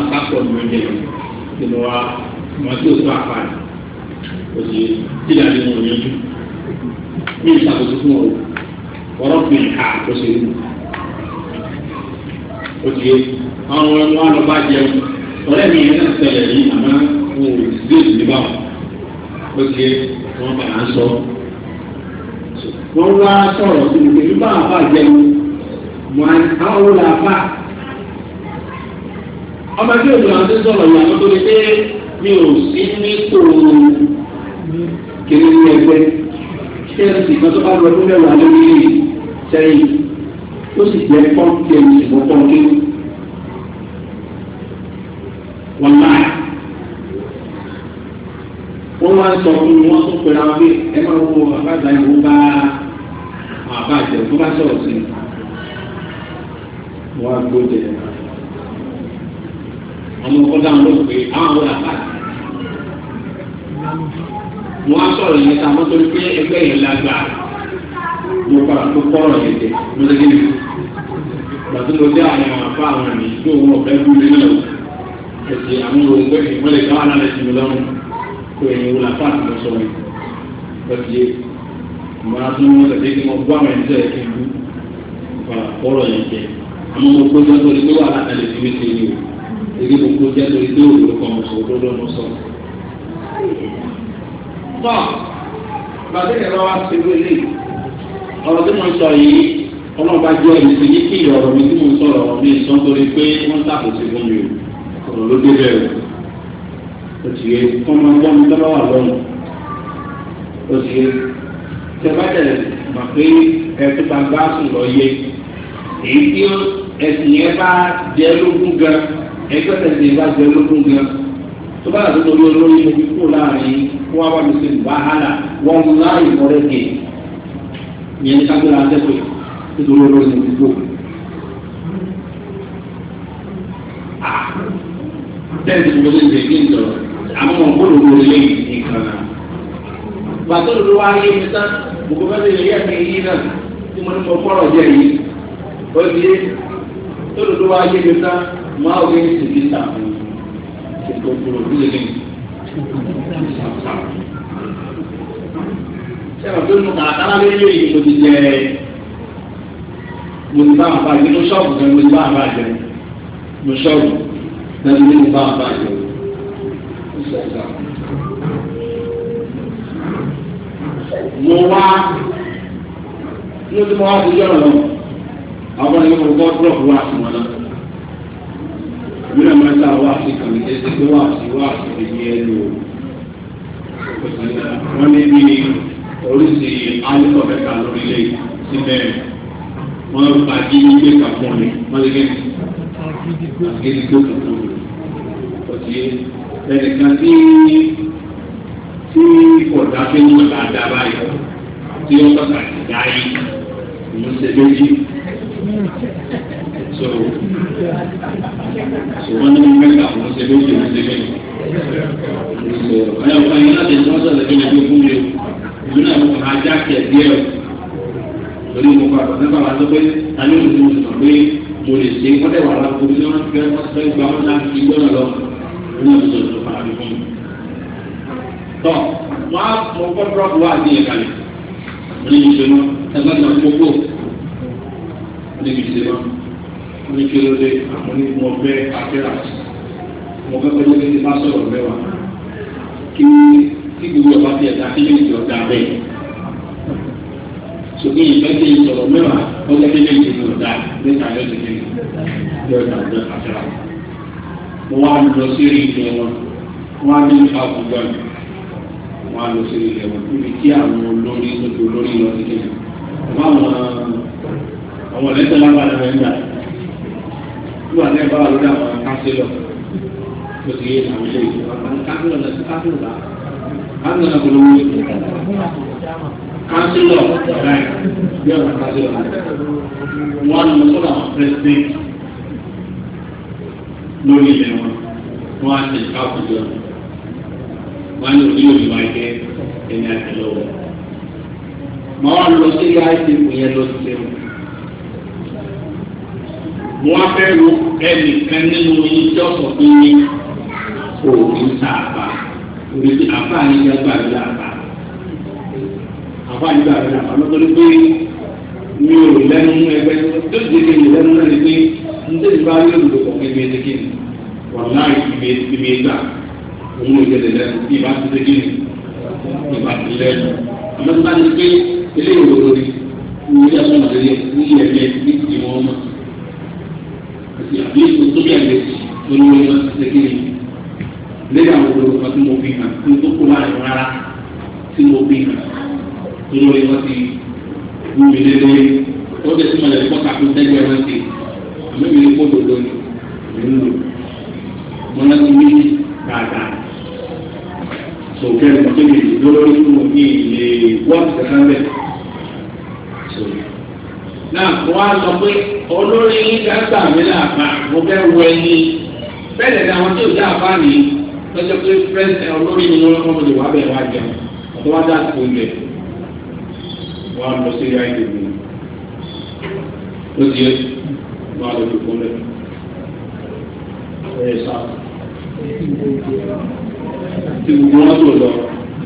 akápọ̀ mi jẹ tí mo wá mo ti ò tó àpá ó ti yẹ tí ìdájọ́ mo yẹn jù mi ì ṣàkóso fún ọ ọ̀rọ̀ fi hà ó ṣe rí o ti yé àwọn ọmọ wọn lọ bá jẹun ọ̀rẹ́ mi yẹn náà tẹ̀lé ní àmọ́ wọn ò gbé ìdílé bá wọn ó ti yé wọn bá a sọ wọn wá sọ̀rọ̀ sí mi pẹ̀lú bá àbá jẹun wọn àwọn wọn là ọmọ tí òjò àwọn tó yìí àwọn tó lè dé mi ò sí ní tòun kiri ní ẹgbẹ́ chelsea kan tó bá lọ ọdún mẹ́wàá lórí ilé sẹ́yìn ó sì jẹ́ pọ́ńkì ẹ̀ ṣùgbọ́n pọ́ńkì wọn náà wọ́n wá sọ fún mi wọ́n pèrè àwọn pé ẹ máa wo àbájá ìwọ bá àbájá tó bá sọ̀rọ̀ sí i wọ́n á gbójẹ ọmọ ọkọ dáhùn ló pé àwọn ọmọ àbájá mo á sọ̀rọ̀ yẹn ta mọ́ torí pé ẹgbẹ́ yẹn lágbà mo padà tó kọ́rọ̀ yẹn dé mo lè dé mi gbàtí mo dé àwọn àpá àwọn mi tó wọn ọ̀fẹ́ kú lé náà èsì àwọn òǹgbẹ́ mi wọ́n lè dá wàhálà lẹ́sìn mi lọ́rùn kó ẹ̀yin wò lápá àti lọ́sọ̀ yẹn bẹ́ẹ̀ yé mo á tún wọn tẹ̀lé kí wọ́n gbọ́ àwọn ẹ̀ńtẹ́ kí n bú padà kọ́rọ̀ yẹn jẹ mo kó jẹ́ torí pé wàhálà kan kó jẹ́ torí pé òwúrọ̀ tọ́ gbàdúrà bá wá sí wílé ọ̀rọ̀ tí mo ń sọ yìí ọlọ́run bá jẹ́ ẹ̀mí sí kí ọ̀rọ̀ mi tí mo ń sọ̀rọ̀ mi sọ nítorí pé wọ́n ṣàkóso fún mi ọ̀rọ̀ ló dé bẹ̀rẹ̀ o ti yẹ ọmọ ẹgbẹ́ mi tọ́lá wà lọ́rùn o ti yẹ tẹ́fẹ́tẹ̀ mà pé ẹtú ta gbá sùn lọ yẹ èyí tí ẹsìn yẹn bá jẹ́ lógún gan ẹgbẹ́ tẹ̀sìn yẹn bá jẹ́ lógún gan tó bá yàtọ̀ lórí mo fi kú láàrin wọ́n wá mi ṣe wàhálà wọ́n mú láàyè ọ̀rẹ́ kè ìyẹn ní kágbéra àtẹ́pẹ́ nítorí olórí ah. ní gbogbo. Bẹ́ẹ̀ni mo lè jẹ́ kí n sọ̀rọ̀ àmọ́ mo gbọ́dọ̀ wọlé lẹ́yìn nìkan náà. Bàtọ́ ló wá yé mi tán, gbogbo bá lè yẹ kí n yí náà tí mo ní mo fọ́rọ̀ jẹ́ yìí. Ó di é, tó ló wá yé mi tán, máa wé ní tìbí tàbí ètò ìgbòho lẹ́yìn sẹ́wọ̀n tó nù kàràkàrà lélẹ̀ yìí mo ti jẹ mo bá àbá jẹ mo ṣọ́ọ̀bù jẹ mo ti bá àbá jẹ mo ṣọ́ọ̀bù lẹ́nu mi ti bá àbá jẹ mo wá ní o wá sí yọ̀rọ̀ lọ àwọn ọmọ ìlú kọ̀ọ̀kan búrọ̀kù wá sí wọn náà mìíràn máa ń ta wá sí kàmí tẹ́tẹ́ tó wá sí wá sí ẹ̀yìn ẹnu wọ́n ní bí oríṣi alùpùpù mẹ́ta lórílẹ̀ síbẹ̀ wọ́n ń pa jíjí gbé kàpọ̀ ni wọ́n lè gẹ́gẹ́ àgéjì gbé kàpọ̀ ni ọtí ẹnìkan tí tí ọ̀dà fẹ́ ní ọ̀dà àdá báyìí tí ó tọ́ka ìdá yìí ìlú ṣe so wọ́n ní mẹ́ta àwọn ṣe lóṣù ní ṣe lẹ́yìn so ẹ̀yà ọ̀pá yẹn láti ṣe ọ̀sẹ̀ lẹ́yìn ẹgbẹ́ fún mi ìlú náà mo kàn á já kẹ̀ díẹ̀ lórí mo kọ́ àgbà nípa àti pé àní òṣèlú mo sọ pé mo lè ṣe wọ́n dẹ̀ wà lápò tí wọ́n fẹ́ wọ́n fẹ́ gba wọn láti fi gbọ́dọ̀ lọ ní ọ̀sẹ̀ tó fara mi fún mi. tọ́ wọ́n á mọ gbọ́dọ̀ wá àti ìyẹ̀kalẹ̀ mo ní ìṣẹ́ ẹgbẹ́ náà níbi ìṣẹ́wà ní kí ló dé àwọn onímọ̀ bẹ́ àfẹ́ràtì mo fẹ́ kọjá pé ti bá sọ̀rọ̀ mẹ́wàá kí tí gbogbo ọba ti ẹ̀dá kí lèyìn ọ̀dà bẹ́ẹ̀ ṣùgbọ́n ìfẹ́ ti sọ̀rọ̀ mẹ́wàá kọjá pé lèyìn ọ̀dà níta yóò ti kéde yóò dà ọ̀dà àfẹ́ràtì mo wá lọ sí ìrìn wọn wọn á ní àbùgbà mi wọn á lọ sí ìrìn wọn níbi tí àwọn olórí olórí lọ sí kéde wọn àwọn àwọn ọ̀lẹ́sẹ̀ lágbára rẹ̀ ń gbà nígbà tí ẹ bá wà lórí àwọn kánsílọ̀ tó ti yé àwọn ilé ìlú àwọn kánsílọ̀ lọ sí kánsílọ̀ bá kánsílọ̀ náà polówó kánsílọ̀ ọ̀gá ẹ̀ bí ọ̀gá kánsílọ̀ wọn lọ sọ́dọ̀ àwọn pẹ́sìdẹ́ntì lórí ilẹ̀ wọn wọn á ṣe káàkiri wọn ní òní òní wáyé kẹ ẹni àti lọ́wọ́ màá lọ sí ilé wọ́n fẹ́ ro ẹnìkan nínú oníjọ́ sọ pé ní òògùn ta àbá òbí tí àbá ní gbàgbà ní àbá àbá ní gbàgbà ní àbá lọ́tọ́rí pé mi ò lẹ́nu ẹgbẹ́ tó ti di mi lẹ́nu náà ni pé n tẹ́ ti bá rí olùdó kọ̀ kí kí ni wọ́n náà ibi ibi gbà òun ò jẹ̀lẹ̀ lẹ́nu bí ìbá ti ti ni ìbá ti lẹ́nu àmọ́ tí wọ́n pé eléyìí òdodo ni ìwé ìyá sọ̀rọ̀ lórí ẹ̀ ní ìyẹ̀lẹ̀ ní ìwọ̀n náà. torí wọn ti ṣe kí ni lẹ́yìn àwọn olóògùn kan tí mo fi hàn tí mo tó kó láàyè rárá tí mo fi hàn torí wọn ti wú mi lélẹ́ ó jẹ́ sí mọ̀lẹ́bí pọ́ta tẹ́gbẹ́ wọn ti àmọ́ mi ní kó dòdò ni nínú wọn náà ti mí dáadáa so kẹ́rin tó lè lórí fún mi ní ilé ti sẹ́kẹ́ bẹ́ẹ̀ so náà wọ́n á sọ pé olórí yín ká gbà mí láàbà mo fẹ́ wọ ẹni bẹ́ẹ̀ ni àwọn tí ò jẹ́ àbáàmì lọ́jọ́ pé fẹ́ǹsì olórí ni wọ́n mọ̀ lè wá bẹ̀rẹ̀ wá jẹun ọ̀tọ́ wá dá sí ilẹ̀ wọ́n á lọ sí ilé ayé ìlú ó ti yẹ wọ́n á lọ sí ìkúnlẹ̀ ẹ̀ sá tí gbogbo wọn tó lọ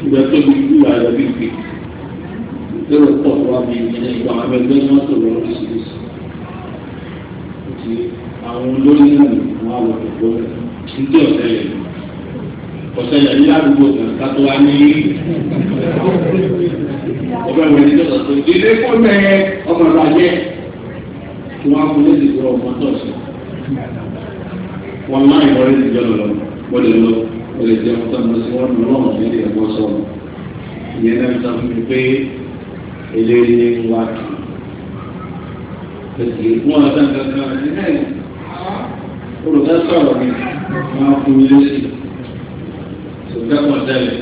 ìgbà tó bí ìlú ayọ̀ bí gbé lórí pọ̀ wá bí ìgbà àwọn ẹgbẹ́ wọn tó lọ lọ́sibísì ó ti yẹ àwọn olórí náà wọn àwọn òkòkò rẹ nígbà ọ̀sẹ̀lẹ̀ ọ̀sẹ̀lẹ̀ ní àdúgbò kan kátó wá ní ọbẹ̀ wọn ní tọ́sọ̀ tó ilé kó mẹ́ ọmọ ìbàjẹ́ kí wọ́n á fún lẹ́sì tó ọmọ tọ̀sọ̀ wọn máa ń wọlé ìjọ lọ wọlé lọ wọlé jẹ ọmọ tọ́sọ̀ sí wọn lọ́wọ́ ní ilé ẹ̀kọ́ sọ̀rọ̀ ìyẹn náà sọ fún mi pé eléyìí wá kì í. Wọ́n á sàn kankan ní náà olùdásọ̀rọ̀ mi máa fún mi lóṣì tó kẹ́kọ̀ọ́ tẹ́lẹ̀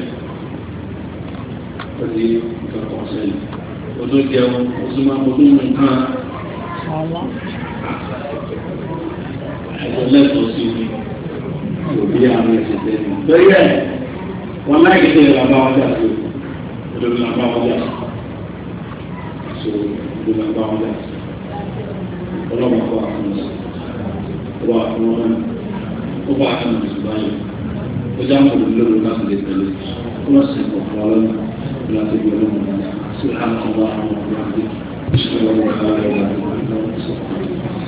ó di kẹ́kọ̀ọ́ sẹ́yìn ó tó jẹun ó tún máa mú nǹkan lẹ́tọ̀ọ́ sí mi kò bí àwọn ẹ̀sìn tẹ́lẹ̀ torí ẹ̀ wọ́n láì ṣe ìlànà àwọn ọjà sí olórí làbá àwọn ọjà sí olórí làbá àwọn ọjà sí ọlọ́mọkọ àfúnṣe. wà fún wọn ó bá àwọn ìṣúná yìí ó já mọ̀ lórí láti lè tẹ̀lé ó lọ sí ọ̀pọ̀ ọlọ́run láti gbé ọlọ́run náà sí àwọn ọmọ àwọn ọmọ àti ìṣúná ọmọ ọmọ àwọn ọmọ àti ìṣúná